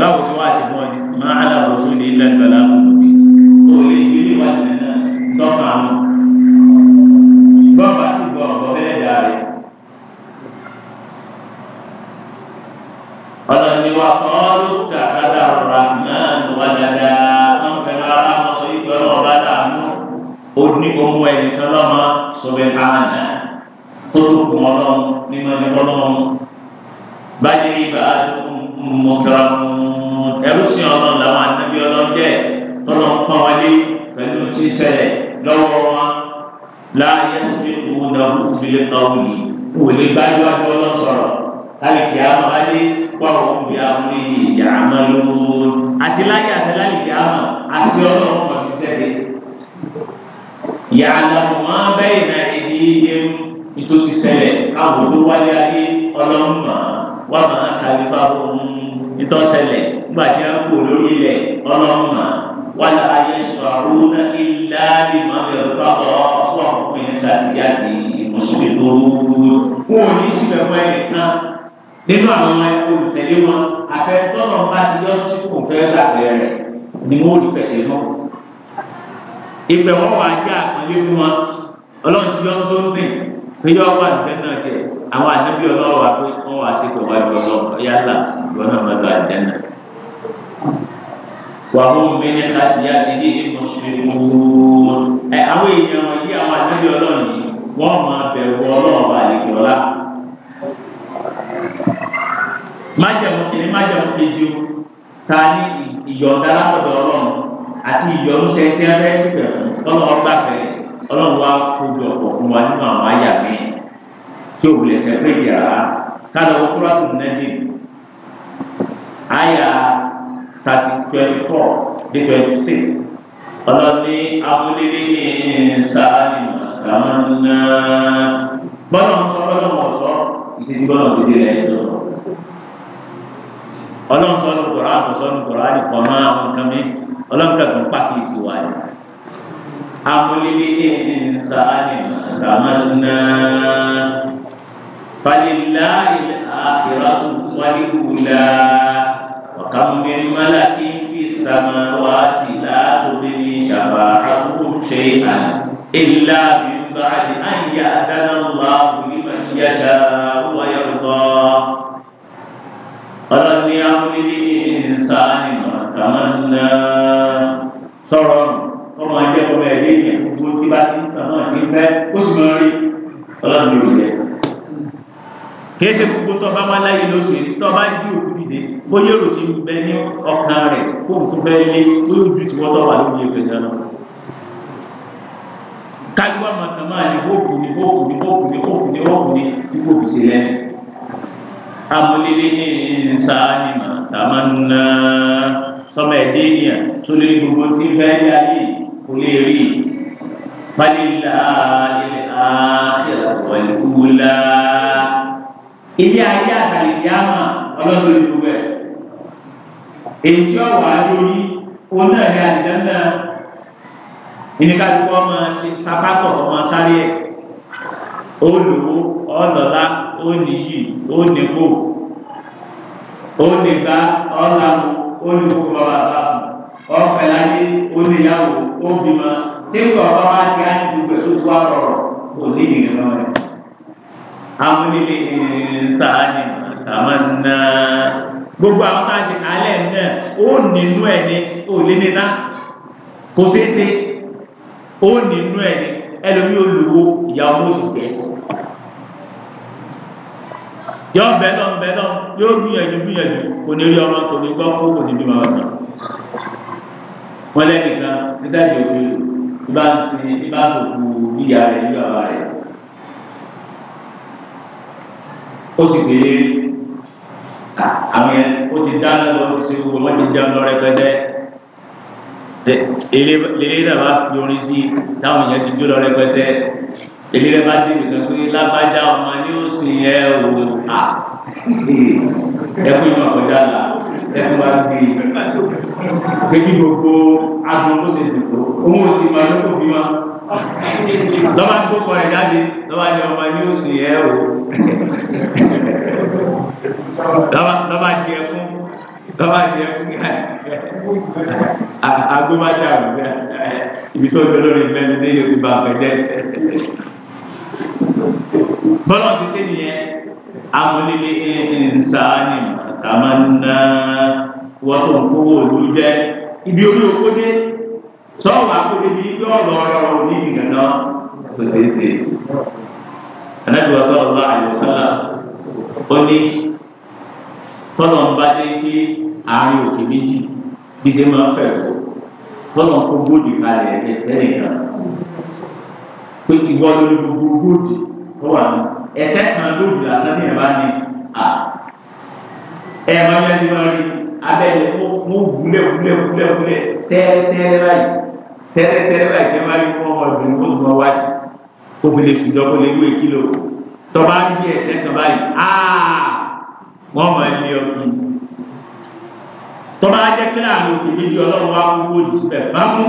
lọ́wọ́ sí wàá ti bọ́ ọ máa ń lọ sí ní ilẹ̀ ìgbàlá òbí ó lè gbé ìwà ìdílé dọ́kà mọ́ bọ́ọ̀bà sì gbọ́ ọ̀gbọ́n bẹ́ẹ̀ dà rẹ̀. ọlọ́ni wa kọ́ ló ta kádà rà náà ló wá dáadáa wọ́n fẹ́ rárá wọn sọ ìgbà wọn bá dà mú ó ní ohun ẹ̀yìn lọ́mọ sọ̀rọ̀ àná tó tó kù wọn lọ́wọ́ nínú ẹni kọ́ lọ́wọ́ báyìí bá a dùn mọ́kàrà mọ́ ẹrú sí ọlọ́run làwọn àtẹ́bí ọlọ́run jẹ́ tọ́lọ́ ń pọ́n wọlé pẹ̀lú tí ń ṣẹlẹ̀ lọ́wọ́ wọn láàyè sí òun náà fún ìbílẹ̀ náà wù yìí wò lè gbájú àjọ ọlọ́run sọ̀rọ̀ láti kí á máa dé wà òun bí àwọn ìyá àmọ́ lóhùn àti láyé àti láyé kí á mọ̀ àti ọlọ́run kọ̀ sí sẹ́sẹ̀ yàtọ̀ mọ́ bẹ́ẹ̀ náà èdè yé nítorí ṣẹlẹ̀ káwọn wáyé ayé ọlọ́run mọ̀ wà máa kàlífà fún un nítọ́sẹ̀lẹ̀ nígbàtí a kò lórí ilẹ̀ ọlọ́mà wà láàyè sọ̀rọ̀ ní ilá bí màmí ọ̀tọ́ ọ̀tọ́ ọ̀pìn sàtìyàtì ìmọ̀sílẹ̀ tó rúurú. wọn ò ní síbẹ̀ fún ẹnì kan nínú àwọn olùtẹ̀lé wọn àfẹ́tọ́nà bá ti yọ sí kò fẹ́ lábẹ́ rẹ̀ ni wọ́n rí pẹ̀sẹ̀ náà. ìpẹ̀wọ́ wa jẹ́ àpọ́nlé fún wọn ọlọ́run ti yọ tó pé yọ àwọn ànábì ọlọ́rọ̀ wa pé wọ́n wá sí pẹ̀lú àjọ náà yálà ìwọ náà máa gba àjẹnà. wàhùn mi ní kásìyá ti ní ìmọ̀síwò ẹ àwọn èèyàn wọn yí àwọn ànábì ọlọ́rọ̀ yìí wọ́n máa bẹ̀rù ọlọ́rọ̀ wa àlejò ọlá. májàmú kìíní májàmú kejì o ta ní ìyọ̀ǹda látọ̀dọ̀ ọlọ́run àti ìyọ̀ǹda sẹ́ńtì ẹ̀rẹ́sì pẹ̀lú ọlọ́run gbàfẹ́ ọlọ́run wa kó jọ fún wa nínú àwọn àyà míì tí òun lè sẹ́pẹ̀tì ara kálọ̀ wọ́n kúrò àtúntò nẹ́ẹ̀dì àyà thirty twenty four dé twenty six ọlọ́ni abúlé ní sáàlì màkàmánà bọ́lá ń sọ bọ́lá ń sọ ìṣèjì bọ́lá ń gbé dé lẹ́yìn tó sọ ọlọ́run sọ ní kura kò sọ ní kura ní kọ́ máa ń kàn mí ọlọ́run kẹ́kọ̀ọ́ sí wa yìí. amúlílé ní sáà ní فلله الآخرة والأولى وكم من ملك في السماوات لا تغني شفاعتهم شيئا إلا من بعد أن يأذن الله لمن يشاء ويرضى فلم يعمل الإنسان ما تمنى صرم وما يقوم به يقول تبعتي فما تنفع اسمعي فلم يعمل kìí ṣe gbogbo tó bá wá láyé ló ṣe tó bá jí òkú dìde bó yóò rò sí bẹ ní ọkàn rẹ kó n tó fẹ́ lé ó yóò ju tiwọ́ tó wà lórí ẹgbẹ́ náà lọ. kájúwà màkàmá ni hóòkù ni hóòkù ni hóòkù ni hóòkù ni hóòkù ni tí kò fi ṣe lẹ́nu. amúlélé ní nsáàni màtàmá nná sọmọ ẹdẹ ènìyàn tó lé gbogbo tí fẹ́ ní ayé kò lè rí pálí ilà ilẹ̀ àti àwọn ìkúwúlá ilé ayé àtàlìkì àmà ọlọ́dún ìlú bẹ̀. èyí ọ̀wà lórí òun náà ní àdìdánná ìníkàlùkù ọmọ sapátọ̀ ọmọ sáré ẹ̀ olùwó ọlọ́lá oníyì onígbò onígbà ọ̀làwò olùkókò bàbá bàbá ọ̀pẹ̀láyé oníyàwó obìmọ̀ sẹ́kọ̀ ọ̀bá wa ti á ti gbogbo ẹ̀ tó tó àrọ̀rọ̀ kò ní ìrìnnà rẹ̀. àwọn onílé ìrìnnà sáàdì tàmánà gbogbo àwọn táàdì alẹ́ náà ó nínú ẹ̀ ní òlé níná kò ṣeé ṣe ó nínú ẹ̀ ní ẹlòmí olùwó ìyàwó oṣù bẹ́ẹ̀ yọ bẹ́ẹ̀ náà bẹ́ẹ̀ náà yóò gbìyànjú gbìyànjú kò ní rí ọmọ kò ní gbọ́ kó kò ní bí màmá náà wọn lẹ́nìkan nígbà tí òbí ìbá ń sin ìbá tó kú bíyà rẹ̀ yíyà rẹ̀ ó sì pé àwọn yẹn ó ti dá lọ ó ti wọ wọ́n ti jẹun lọ rẹpẹtẹ lélẹ́ náà bá fi orin sí táwọn yẹn ti jó lọ rẹpẹtẹ lélẹ́ náà bá dé nìkan pé lábájá ọmọ ni ó sì yẹ o à ẹkún ìmọ̀ ọ̀dà là ẹkún wa gbé pé kí gbogbo agbọn ló ṣe dùn tó òun ò sì máa lọ́kọ̀ bí lọ́wọ́ tó kọ ẹ̀ jáde lọ́wọ́ ni ọmọ ní oṣù yẹ o lọ́wọ́ di ẹkún lọ́wọ́ di ẹkún agbóbájà ibi tó gbé lórí ìfẹ́ ní yóò fi ba àpẹjẹ. bọ́lá ṣiṣẹ́ nìyẹn amúlélé ẹ̀ẹ́dẹ́sáánì àtàmánná wọ́n tó ń kówó òlú jẹ́ ibi orí sọ́ọ̀wù akóbíbi yọ lọ́rọ̀ oníbi gànà kò ṣeé ṣe. Ànábì wa sallallahu alaihi wasallam ó ní tọ́lọ̀ ń bá dé pé àárín òkè méjì bí ṣe máa ń fẹ̀ tọ́lọ̀ kó gbòdì kalẹ̀ pé ìwọ gbogbo gbòdì tó wà ní ẹsẹ̀ kan ní ẹ̀bá ni à máa yẹ ti máa rí mú wúlẹ̀ wúlẹ̀ wúlẹ̀ wúlẹ̀ tẹ́ẹ́rẹ́ tẹ́rẹ́tẹ́rẹ́ báyìí tí wọ́n bá rí fún ọmọ ìdùnnú kó tó mọ wá sí kó fi lè fìjọ kó lè wé kílò tọ́ba ń bí ẹ̀sẹ̀ tọ́ba yìí áá wọ́n mọ ẹni ọ̀kì tọ́ba jẹ́ kílà àwọn òkè méjì ọlọ́run wá wúwo jù bẹ̀ bá mú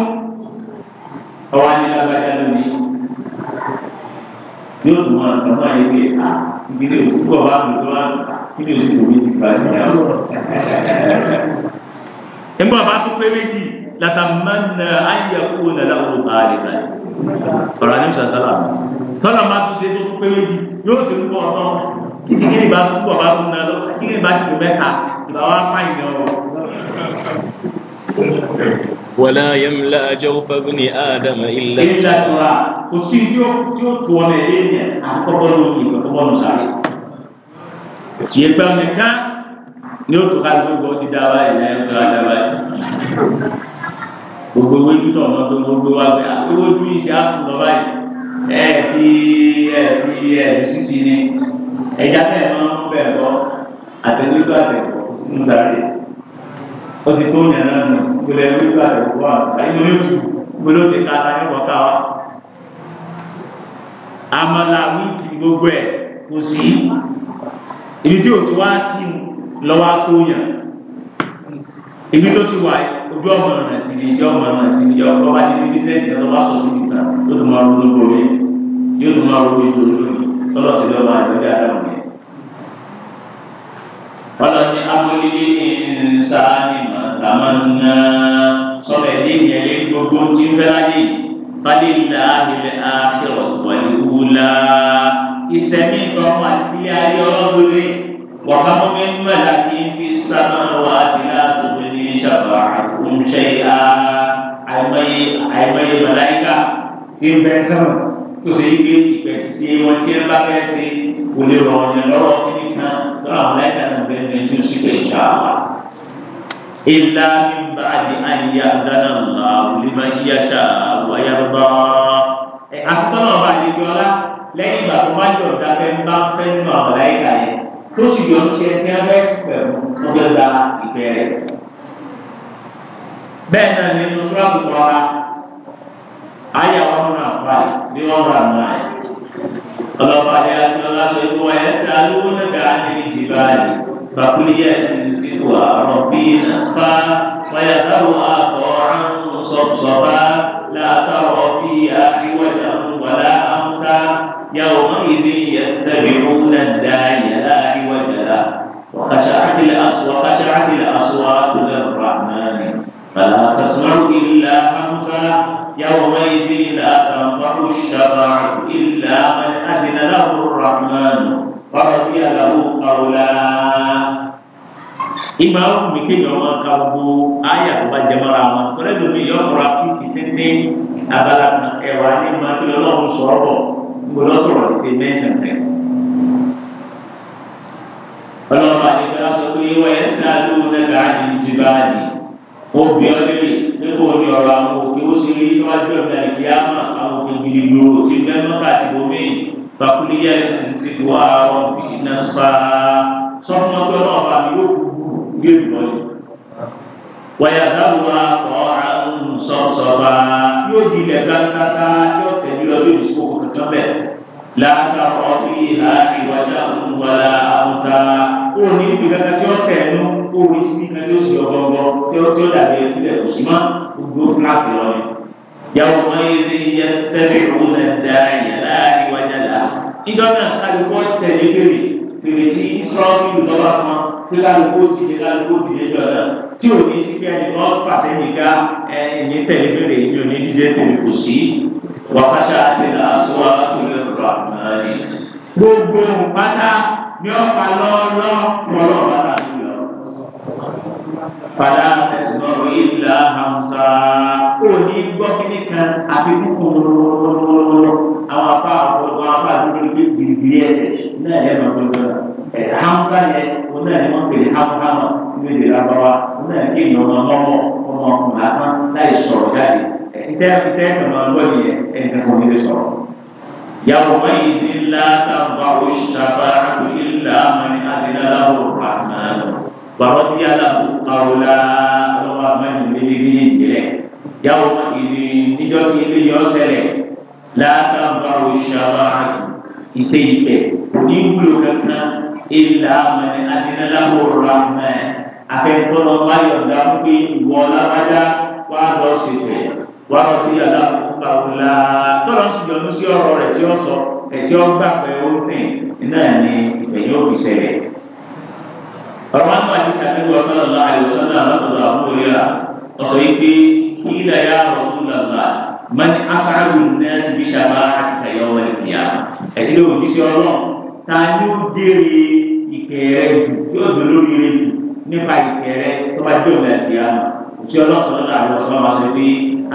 ọwọ́ ní lágbájá lónìí yóò tún wọn àtàwọn àyè pé à ìgbìlẹ̀ òsùpọ̀ wà lójó wà ìgbìlẹ̀ òsùpọ̀ méjì gbà sí ẹ̀ ń bọ̀ bá tún pé méjì latamanna ayẹ̀kú nàlàkùn àríkà ọ̀rọ̀ àní sàṣàlà tọ́lá máa tún ṣe tó tún pé méjì yóò ti kú ọ̀nà kíkiri ìbá tún pọ̀ bá tún náà lọ kíkiri ìbá tún mẹ́ta ìbá wa pa ìyẹn ọ̀rọ̀. wàlá yamla jawfa ibn adam illa. ìlà tura kò sí tí ó tí ó tu ọmọ ẹ̀dẹ́ yẹn àkọ́kọ́ ló ní ìkọ́kọ́ ló sáré. kìí gbàmù nìkan ni ó tó ká ló gbọ́ ti dábàá ẹ̀ náà ẹ̀ gbogbo ewé dúdú ọ̀nà tó gbogbo wa pé ah, ewé dúdú iṣẹ́ àtún báyìí ẹ fi ẹ fi ẹ fi sísì ni ẹja tẹ̀ ẹ̀ máa ń bẹ̀ bọ́ àtẹ̀wéjú àtẹ̀kọ́ ń darí ó ti tó yẹn náà nù gbọlẹ̀ ewéjú àtẹ̀kọ́ wa ẹ̀yìn ló tù gbọlẹ̀ ó ti ká ta yóò wọ́ wa. amala wí ti gbogbo ẹ̀ kò sí ibi tí o ti wá sí lọ́wọ́ á tó ibi tó ti wà yìí. ojú ọmọ náà sì ni ìjọ ọmọ náà sì ni ìjọ ọmọ bá ti ní bísíǹsì ẹ̀rọ bá sọ sí ìta yóò tún máa ronú borí yóò tún máa ni ìjọ lórí lọ́dọ̀ sí lọ́ba àdúgbò àdàmù yẹn. wọ́n ní abúlé ìsáni ni sọ̀rọ̀ ẹ̀dí ìyẹlé gbogbo tí ń شفاعتكم شيئا àìmọye màláìka tí ń bẹ sọ̀rọ̀ tó ṣe yí pé ìpèsè wọn tí ń bá bẹ́ẹ̀ ṣe kò lè rọ̀ ọ̀yàn lọ́wọ́ kíní kan lọ́wọ́ màláìka náà bẹ́ẹ̀ bẹ́ẹ̀ tí ó sì pé ìṣá wa. ilá nígbà àti àyíyá dáná ńlá olùmọ̀ yíyá ṣá wáyà bá ẹ àtúntò náà bá yẹ jọlá lẹ́yìn ìgbà tó bá jọ ọ̀dà fẹ́ ń bá fẹ́ nínú àwọn màláìka yẹn tó sì yọ bẹ́ẹ̀ náà ní inú sọ́ọ̀tù kọ́ra ayé àwọn ọmọ náà fà ní ọ̀rọ̀ àná ẹ̀ ọlọ́ba ní adúlọ́lá tó ń wá ẹ̀ ṣe alówó náà gà á ní ìjìbá rẹ̀ bàkúlíyà ti sì wà rọ̀bì nàṣà wáyà táwọn àtọ̀ ọ̀rán sọ̀tọ̀sọ̀tà látàwọ̀ bí i àríwájà ń wọlá. gbogbo ayé àtúbà jẹmọ́ra wọn tọ́lẹ́ lómi yọ ọ̀rọ̀ àfíìsì tètè abala ẹ̀wà ní ma fi ọlọ́run sọ̀rọ̀ bọ̀ gbọdọ̀ sọ̀rọ̀ tètè mẹ́sàn rẹ̀. ọlọ́run àdìgbà sọ pé wọ́n yẹ sí àdúgbò nẹ́gbà àdì ti bá àdì ó bí ọ lélẹ̀ nígbà òní ọ̀rọ̀ àwọn òkè ó sì rí tọ́jú ọ̀gá ìkí àmà àwọn òkè gidigbo ti bẹ́ẹ̀ àti bòmíì fàkúlíyà ìsìnkú àwọn ìnáṣ wàyàdáwùwà ọ̀rá sọ̀sọ̀ba yóò di ilẹ̀ gbàgbàgbà yóò tẹ̀lé lọ́dún ìṣòwò kankan bẹ́ẹ̀. látàrọ̀ bí ìhà ìwájà òǹwàlà àwùjá ó ní ibi kankan tí ó tẹ̀nu ó rí sí nìkan tí ó sì ọgbọgbọ tí ó tí ó dàbí ẹtí rẹ̀ kò sí mọ́ gbogbo kíláàsì lọ ni. yàwó wọn ní iye tẹ́lẹ̀ òun náà ìwájà tí lálùkò sì ṣe lálùkò dìde jọ náà tí ò ní sí pé ẹni kan pàṣẹ nìka ẹni tẹ̀lé fẹ́rẹ̀ èyí ò ní dídé tẹ̀lé kò sí wàkàṣà àtẹlẹ àṣọwà tó lè rọ àtúnáyé. gbogbo pátá ni ó pa lọ́ọ́lọ́ pọ̀lọ́ bàtà jùlọ. fàdà ẹ̀sìnọ́rọ̀ ìlà hamsa ò ní gbọ́ kíní kan àfi kúkú àwọn apá àwọn apá àdúgbò gbìgbìrì ẹsẹ̀ náà ẹ̀ òun náà ni wọ́n pè ní hámúhámú nínú èdè lábáwá òun náà kí èèyàn máa lọ́mọ̀ ọmọ ọkùnrin lásán láì sọ̀rọ̀ jáde ìtẹ́ ìtẹ́ ìmọ̀ lọ́yìn yẹn ẹnìkan kò ní lè sọ̀rọ̀. yàwó wáyé ní látàbà òṣìṣàbà ìlà àmàlí adìláláwò rahman bàbá tí aláwò kàwọlá lọ́wọ́ àmàlí méjèèjì ìjìnlẹ̀ yàwó ìdí níjọ́ tí ilé yọ ṣẹlẹ̀ látàbà òṣìṣàbà ìṣe ìpẹ́ òní wúlò ilà mẹni adínáláwò ramẹ akẹ́kọ̀ọ́ bá yọ̀dá pé ìwọ lábájá wà lọ sí ibẹ̀ wà lọ sí yàrá òkúta òla tọ́lọ̀ sì yọnu sí ọ̀rọ̀ rẹ̀ tí ó sọ ẹ̀tí ó gbà pé ó tẹ̀ náà ni ìgbẹ̀yìn ó fi ṣẹlẹ̀. ọ̀rọ̀ wọn máa ọ̀sán náà lọ́dọ̀dọ̀ àwọn òrìlà ọ̀sọ̀ yìí pé kí ilẹ̀ yà rọ̀tún lọ́la mẹni asáàlù náà ti fi ṣàbá àtìkàyọ̀ wọlé kìá ẹ̀dínlẹ̀ òjíṣẹ́ ọlọ́run ta ni ó dére ìkẹ́ rẹ jù tí ó dùn lórí rẹ jù nípa ìkẹ́ rẹ tó bá dé òun àti àná òtí ọlọ́sọ̀rọ̀ náà àwọn ọ̀sán máa sọ pé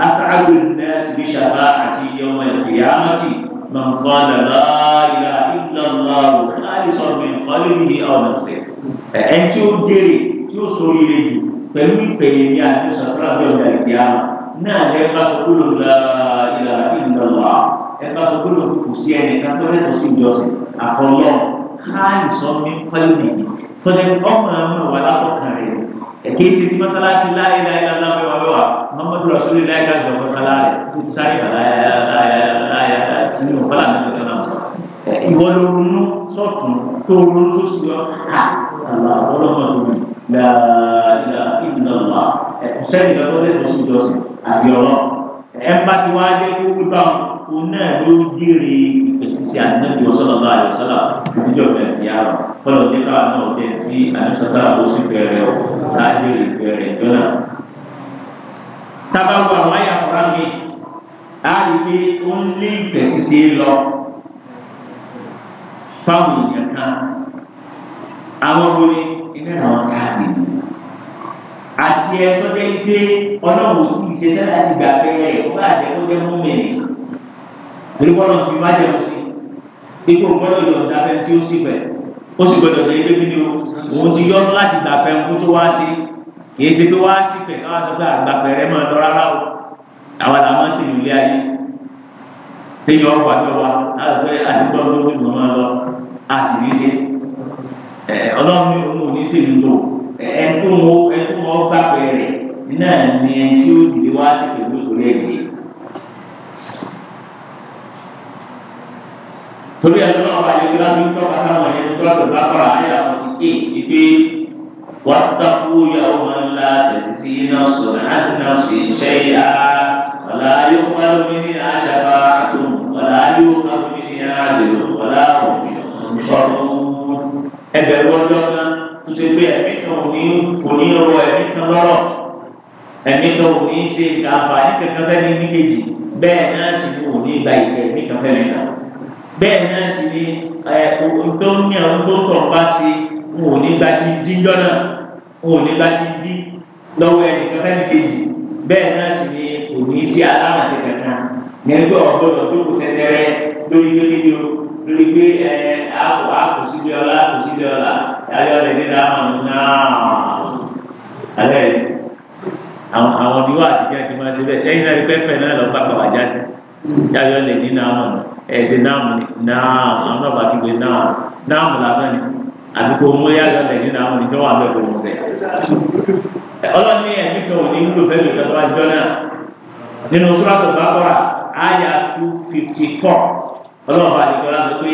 aṣáájú náà sì fi ṣàbá àti ọmọ ìkẹ́ àmọ́tì mọ̀nkọ́ lọ́lá ìlà ìlọ́lá òkè àdìsọ̀rọ̀ ìkọ́lẹ́bí ọ̀nà ọ̀sẹ̀ ẹni tí ó dére tí ó sọ orí rẹ pẹ̀lú ìpèyè ní àdìsọ̀rọ̀ náà lẹ́ka tó kúrò lọ́lá ìlà ìlọ́lá ẹ bá sọ pé lóko kò sí ẹni ká tó lẹ́tọ̀ọ́ sí ìjọsìn àfọlọ́ káàlì sọ mí pẹ́lú nìyí tọ́lẹ̀ ọmọ ọmọ wà lákọ̀ọ́kàn rẹ̀ ẹ̀kẹ́ ṣe sí mọ́sálásí láyé láyé lábẹ́ wà wẹ́wà mọ́mọ́dún rọ̀ṣọ́lẹ̀ láyé láyé ọ̀gbọ́n kọ́lá rẹ̀ tó ti sáré bà láyé láyé láyé sínú ọ̀kọ́lá mi tuntun náà ìwọ ló ronú sọ̀tún tó ronú tó sì ọ́ ká ọlọ́mọdún láàlá ìdùnnà ẹ̀kúsẹ́ni lọ́tọ́lẹ̀ tó sì jọ sí àbí ẹ̀ ń bá ti wá dé kó gbígbà wọn òun náà ló jèrè ìfẹsísẹ ànábì ọsọlọlọ àyọsọlọ ìdíjọ bẹ̀rẹ̀ yà rọ kọlọ ní káwọn náà ọdẹ tí àyọsọsọ àbò sí bẹ̀rẹ̀ ọ láàjèrè bẹ̀rẹ̀ ìjọ náà. tábà wà wọ́n yà kọ́ra mi á rí i pé lọ fáwọn èèyàn kan àwọn wọlé iná àwọn káàdì àti ẹ tó dé pé ọlọ́run ò tí ì ṣe dáadáa ti gbà bẹ́ẹ̀ ẹ̀ àjẹ́ tó dé mú torí wọn lọ fi má jẹ òsì ipò gbọ́dọ̀ yọ ọdà fẹ tí ó sì bẹ ó sì gbọ́dọ̀ yẹ ẹgbẹ́ nínú òun ti yọ láti gbà fẹ nkú tó wá sí kì í ṣe pé wá sí fẹ káwá tó gbà gbà fẹ rẹ máa lọ rárá o àwọn làwọn sì lù lé ayé téèyàn ọkọ àjọwà àgbẹ àdúgbò lórí ìgbà máa lọ a sì ní ṣe ẹ Ọlọ́run ní òun ò ní ṣe ìlú ẹ ẹ tó mọ gbà fẹ rẹ náà ni ẹ tí ó dìde wá sí pẹ̀lú òṣèré yìí. torí ẹ̀ lọ́wọ́ àwọn àyè gbọ́dọ̀ ní tọ́ka sáwọn ẹ̀yẹ tó lọ́dọ̀ bá kọ́ra ayé àwọn ti dé ìdí pé wọ́n dákú yàwó máa ń la tẹ̀sí sí náà sọ̀rọ̀ láti náà sì ń ṣe é yá wàlá yóò má lómi ní àjàbá àtòm wàlá yóò má lómi ní àdèrò wàlá òmìnirò ẹbẹ̀ wọ́jọ́ náà tó ṣe pé ẹ̀mí kan ò ní kò ní rọ ẹ̀mí kan lọ́rọ̀ ẹ̀mí kan ò ní ṣe ìgbà àǹfààní kankan fẹ́ni níkejì bẹ́ẹ̀ náà sì kò ní gba ìgbà ẹ̀mí kan fẹ́ni náà bẹ́ẹ̀ náà sì ni tó ní àwọn tó tọ̀ bá sí wọn ò ní gba ti dín jọ́nà wọn ò ní gba ti dín lọ́wọ́ ẹni kankan kejì bẹ́ẹ̀ náà sì ni kò ní sí aláwọ̀sẹ̀ kankan nígbà ọ̀gbọ́dọ̀ tó kù tẹ́tẹ́rẹ́ lórí lórí lórí pé ẹ àpò àpò síbi ọlá àpò síbi ọlá ayọ̀ rẹ̀ nílẹ̀ àwọn náà alẹ́ àwọn ni wọ́n àtijọ́ ti máa ṣe bẹ́ẹ̀ lẹ́yìn náà pẹ́pẹ́ náà lọ́ ẹ̀sìn náàmù ni náàmù àwọn náà bá ti gbé náàmù náàmù lásán ni àdúgbò mọ́yá lọ́lẹ̀ ní náàmù ni jọ́wọ́ àbẹ̀ fún ọ̀sẹ̀. ọlọ́ni ẹ̀mí kan ò ní wúlò fẹ́ẹ́ lùkẹ́ tó bá jọ náà nínú sọ́ràtò bá bọ́ra àyà two fifty four ọlọ́ọ̀bá àdìgbò láti pé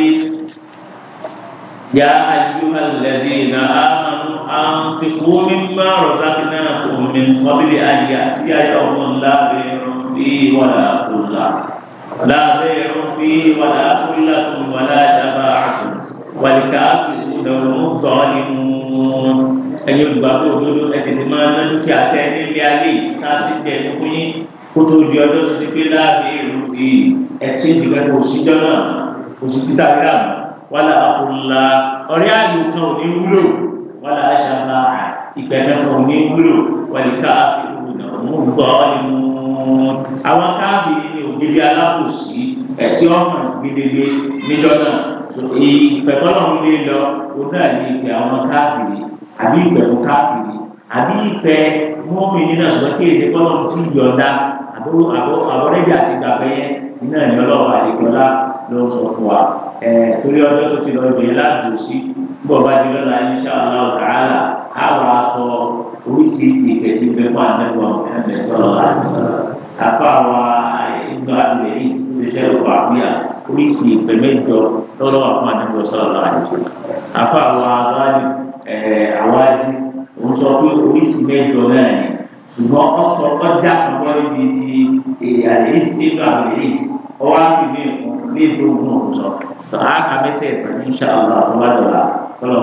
yà á ju alẹ́dí iná àmàlù àǹtẹ̀kù mímá rọ̀lákì náà kò mí kọ́bílì àyà sí àyà ọ̀gbọ̀n lábẹ́ rọ̀ bí wọ́n لا بيع فيه ولا خلة ولا شفاعة والكافرون هم الظالمون ẹni olùgbàgbọ́ òdodo ẹtìtì máa ná dúkìá tẹ nílé ayé káàsì tẹ fún yín kó tó di ọjọ́ tó ti pé láàbí èrò yìí ẹtì ìdìbò kò sí jọ́nà kò sí títà rírà wàlà àkùnlá ọ̀rẹ́ àyè kan ò ní wúlò wàlà àṣàlà ìgbẹ́dẹ́kan ò ní wúlò wàlíkà ìrùnà òun gbọ́ ọ́ nínú àwọn káàbìrì ni ògidì alábòsí ẹtí ọmọ gbedele níjọ náà ìfẹ̀tọ́lọ́run lé lọ òun náà ní ìfẹ́ àwọn káàbìrì àbí ìfẹ́ fún káàbìrì àbí ìfẹ́ mọ́mí nínú àṣọ tí èdè kọ́lọ́run ti yọ̀ọ̀dá àbọ̀rẹ́jà ti gbàgbẹ́ nínú ẹ̀yọ́ lọ́wọ́ àdìgbọ́lá ló ń sọ fún wa ẹ̀ torí ọjọ́ tó ti lọ ibẹ̀ láàbò sí bọ̀ bá di lọ́la insha àwọn aṣọ oríṣiríṣi ìfẹ́ tí ń bẹ fún àmẹ́wọ̀n ẹ̀mẹ́sọ̀rọ̀ àti àfa wa ìgbà mẹ́rin ìṣẹ́ òkú àkúyà oríṣi ìpẹ́mẹ́jọ lọ́wọ́ àwọn àdúgbò sọ̀rọ̀ àdúgbò àfa wa báyìí àwájú òun sọ pé oríṣi mẹ́jọ náà ni ṣùgbọ́n ọ sọ ọjà àkọ́kọ́ níbi ti àlè ìgbà mẹ́rin ọwọ́ àti mi ní ìdógún òun sọ sọ̀rọ̀ àmẹ́sẹ̀ ìsàlẹ̀ ń ṣàlọ́ àwọn àdọ̀là kọ́lọ̀